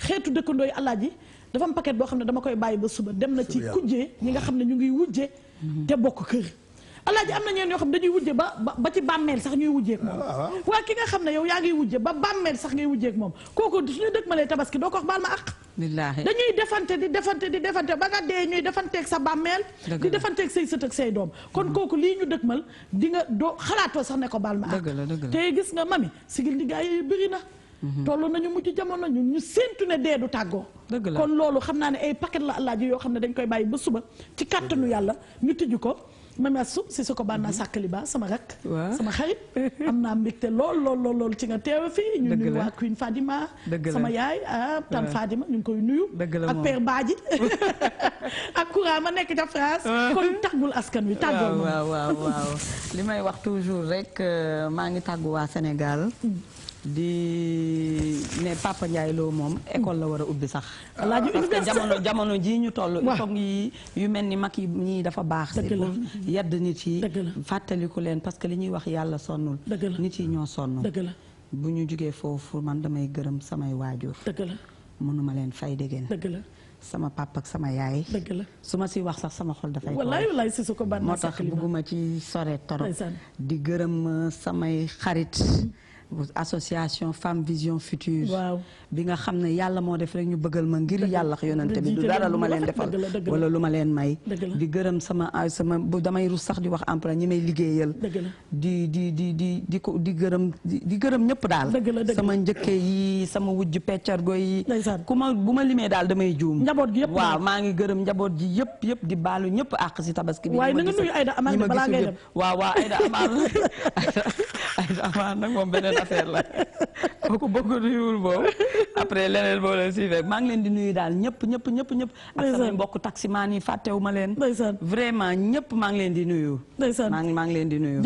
xeetu dëkkandooy allaaj yi dafa am paquet boo xam ne dama koy bàyyi ba suba dem na ci kujjee ñi nga xam ne ñu ngiy wujje mhm. te bokk kër alaaji am na ñeen yoo xam dañuy wujje ba ba ci bàmmeel sax ñuy wujjeek ah, waa ki nga xam ne yow yaa ngiy wujje ba bàmmeel sax ngay wujjeek moom kooku suñu dëkk ma lay tabaski doo ko wax baal ma àq dañuy defante di defante di defante ba nga dee ñuy defanteeg sa bàmmeel di defanteeg say sët ak say doom kon mhm. kooku lii ñu dëkkmal di nga doo xalaatoo sax ne ko baal ma àq te gis nga mami si liggéey bëri na Mhm. toll nañu mujj jamono ñun ñu séentu ne dee du tàggoo kon loolu xam naa ne ay paquet la alaaji yoo xam ne dañ koy bàyyi ba suba ci kàttanu yàlla ñu tijju ko Mame Astou Sissoko Banna mhm. Sakaliba sama rak sama xarit am naa mbégte lool lool lool lool ci nga teew fii ñu nuyu waa Queen Fadima sama yaay ah tan Fadima ñu ngi koy nuyu ak Père Badji ak Koura ma nekk ca France kon tàggul askan wi tàggul waaw li may wax toujours rek euh, maa ngi tàggu waa Sénégal mm. di ne Papa Ndiaye Lo moom école la war a ubbi sax. Ah, laaju jamono jamono jii ñu toll. waaw yi yu mel ni mag yi ñii dafa baax. dëgg la yedd nit yi. fàttaliku leen parce que li ñuy wax yàlla sonnul. nit yi ñoo sonn. dëgg la bu ñu jugee foofu man damay gërëm samay waajur. dëgg mënuma leen fay dégg dëgg la sama papa ak sama yaay. dëgg la su ma siy wax sax sama xol dafay. wallaay wallaay ko ban moo tax bugguma ci sore torop di gërëm samay xarit. Mm-hmm. association femme vision future waaw bi nga xam yalla mo def rek ñu bëggal ma ngir yalla ak yonenté bi du dara luma ma leen defal wala luma ma leen may di gëreum sama sama bu damay ru sax di wax emploi ñi may liggéeyal di di di di di di gëreum di gëreum ñëpp daal sama ñëkke yi sama wujju wujj goy yi kuma buma limé ma daal damay joom njabot gi yëpp waaw ma ngi gëreum njabot gi yëpp yëpp di balu ñëpp ak ci tabaski bi waaye na nga nuyu ayda Amane bala ngay dem waaw waaw ayda Amane ayda Amane nag moom beneen affaire la kooku bokk nuyuwul boobu après leneen boo leen suivre maa ngi leen di nuyu daal ñëpp ñëpp ñëpp ñëpp ak sama mbokk taximaan yi fàttewu ma leen vraiment ñëpp maa ngi leen di nuyu maa ngi maa ngi leen di nuyu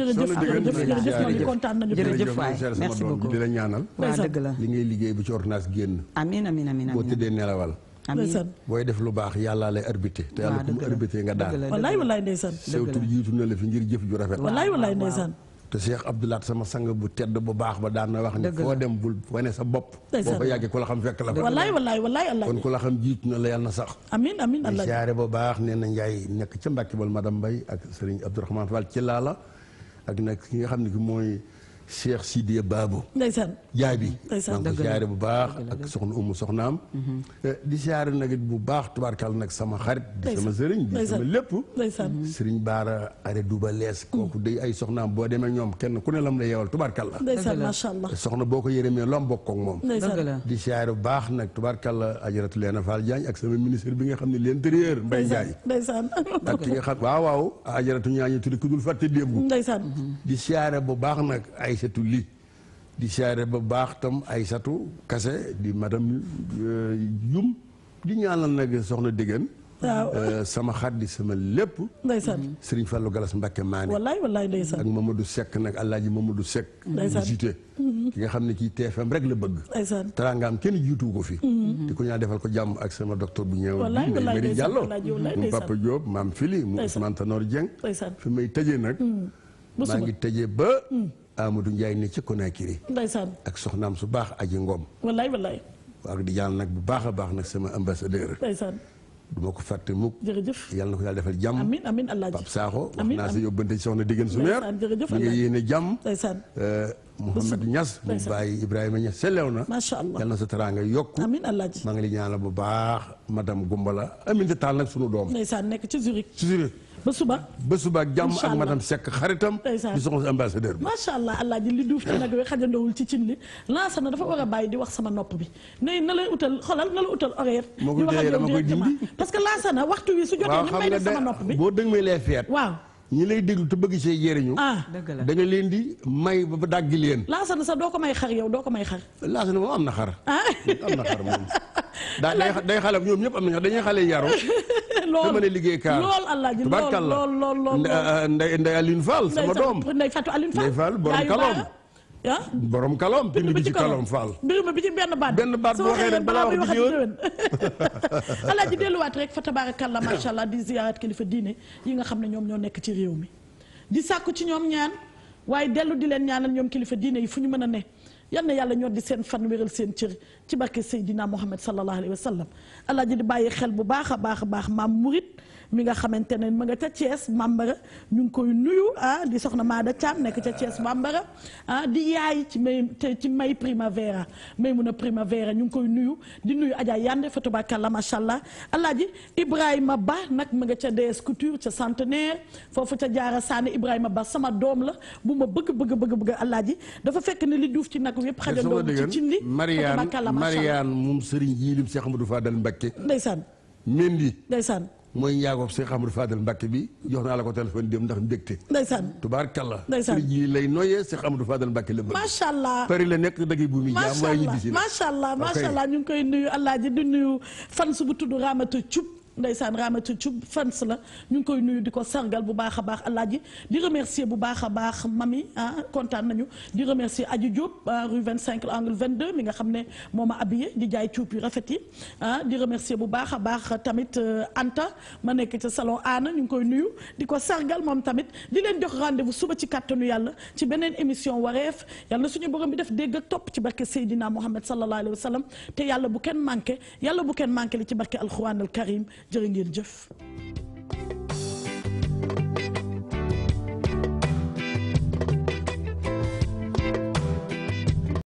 jërëjëf waay merci beaucoup di la ñaanal la li ngay liggéey bu ci ordonnance génn amiin amiin amiin boo tëddee nelawal amiin booy def lu baax yàlla lay arbitré te yàlla ku mu nga daal wallaay wallaay ndeysaan surtout jiitu na la fi ngir jëf ju rafet wallaay te Cheikh Abdoulaat sama sang bu tedd bu baax ba daan na wax ne foo dem bul wane sa bopp boo fa yàggee ku la xam fekk la wallaay kon ku la xam jiitu na la yàlla na sax amin amin allah siyaare bu baax nee na Njaay nekk ca Mbàkke bal madame Mbaye ak Serigne Abdourahmane Fall ci la ak nag ki nga xam ne ki mooy Cheikh Sidé Babou. ndeysaan jaay bi. ndeysaan dëgg la siyaare bu baax ak soxna umu soxnaam. Mhm. Eh, di siyaare nag bu baax tubaarkàlla nag sama xarit. di sama sëriñ di sama lépp. ndeysaan mhm. sëriñ Baara Are Duba Lees. Mhm. kooku day ay soxnaam boo demee ñoom kenn ku ne lam la yeewal tubaarkàlla. ndeysaan macha allah soxna boo ko yërëmee lom bokk ak moom. di siyaare bu baax nag tubaarkàlla ajaratu Leena Fall Diagne ak sama ministre bi nga xam ne leen Mbaye Ndiaye. ndeysaan ak ki nga xam waaw waaw ajaratu ñaañu tudd ku dul fàtte démb. ndeysaan di siyaare bu baax nag ay Aysatu Li di siyaare ba baax tam ay satu Kase di madame euh, Yum di ñaanal nag soxna Déggan euh, sama xar di sama lépp. ndeysaan Serigne Fallou Galas Mbacke Maane. wallaay wallaay ndeysaan ak Mamadou Seck nag El Hadj Mamadou Seck. ndeysaan visité mm-hmm. ki nga xam ne ci TFM rek la bëgg. ndeysaan kenn jiitu ko fi. Mm-hmm. di ko ko jàmm ak sama docteur bu ñëw. wallaay may tëjee nag. Mm-hmm. maa ngi tëjee ba. Mm. Amadou Ndiaye ne ci Conakry. ndeysaan ak soxnaam su baax aji ngoom. wallaay wallaay. waaw di jàll nag bu baax a baax nag sama ambassadeur. ndeysaan. du ma ko fàtte mukk. jërëjëf yàlla na ko yàlla defal jàmm. amiin amiin alaaji Pape Sakho. amiin wax naa sa yóbbante soxna Digeen su meer. jërëjëf alaaji yéene jàmm. ndeysaan. Euh, Mouhamed Niass mu bàyyi Ibrahima Niass selew na. macha allah yal na sa teraanga yokku. amiin alaaji maa ngi lay ñaanal bu baax madame Gumbala Aminata Tall nag sunu doom. ba suba ba suba ak jàmm ak madame Seck xaritam di soxna ambassadeur bi macha allah allah ji li duuf ci nag wi xajandoowul ci cin li lancé na dafa war a bàyyi di wax sama nopp bi nay na lay utal xolal na la utal horaire moo koy dama koy parce que lancé na waxtu wi su jotee ni may def sama boo dëgg may lee feet waaw ñi lay déglu te bëgg see jëriñu. ñu ah. dëgg la leen di may ba dàggi leen. laasana sax doo ko may xar yow doo ko may xar. laasana moom am na xar. Ah. am na xar moom. daal day day xale ñoom ñëpp am na ñoo dañuy xale yaru. lool dama ne liggéey kaar lool alaaji lool lool lool lool. Ndeye ah, Ndeye Aline Fall sama doom Ndeye Fatou Aline Fall borom kaloom. ah borom kaloom bind bi ci kaloom Fall. bind bi ci benn baat benn baat boo xëy rek balaa wax di yéen alaaji delluwaat rek fa tabaarakàlla macha allah di ziyarat kilifa diine yi nga xam ne ñoom ñoo nekk ci réew mi. di sàkku ci ñoom ñaan waaye dellu di leen ñaanal ñoom kilifa diine yi fu ñu mën a ne yan na yàlla ñoo di seen fan wéral seen cër ci barke Seydina Muhammad sallallahu alayhi wa sallam alaaji di bàyyi xel bu baax a baax a baax maam Murit. mi nga xamante ne ma nga ca Thiès Bambara ñu ngi koy nuyu ah di soxna Maada Thiam nekk ca Thiès Bambara ah di yaay ci may ci may primavera may mun a primavera ñu ngi koy nuyu di nuyu Adja Yande Fatou Bakalla macha allah alaaji Ibrahima Ba nag ma nga ca DS Couture ca centenaire foofu ca jaara Sane Ibrahima Ba sama doom la bu ma bëgg bëgg bëgg bëgg alaaji dafa fekk ne li duuf ci nag yëpp xajandoo ci cin li Mariane Mariane moom Serigne Yilim Cheikh Amadou Fadal Mbacké ndeysaan Mendi ndeysaan mooy njaagoom Cheikh Amadou Fadel Mbacke bi jox naa la ko téléphone dem ndax mbégte ndeysaan tubaarkalla ndeysaan sëriñ yi lay nooyee Cheikh Amadou Fadel Mbacke la bëgg macha allah Paris la nekk dëgg bu muy jaam waaye ñibbisi macha allah macha allah ñu ngi koy nuyu allah ji di nuyu fan su bu tudd Ramata Thioub ndeysaan Ramata Thioub fans la ñu koy nuyu diko sangal bu baakha baax alaaji di remercier bu baakha baax mami ah kontaan nañu di remercier aji Diop ah, rue 25 angle 22 mi nga xamné ne moo habillé di jay cuub yu ah di remercier bu baakha baax tamit euh, Anta ma nekk ca salon ana ñu koy nuyu diko sangal mom tamit di len jox rendez-vous suba ci kàttanu yalla ci benen émission wareef yalla suñu borom bi def dégg ak topp ci barke Seydina Mohamed sallalahu alayhi wasallam, te yàlla bu kenn manqué yalla bu kenn manqué li ci barke alquran al karim جرينير الجف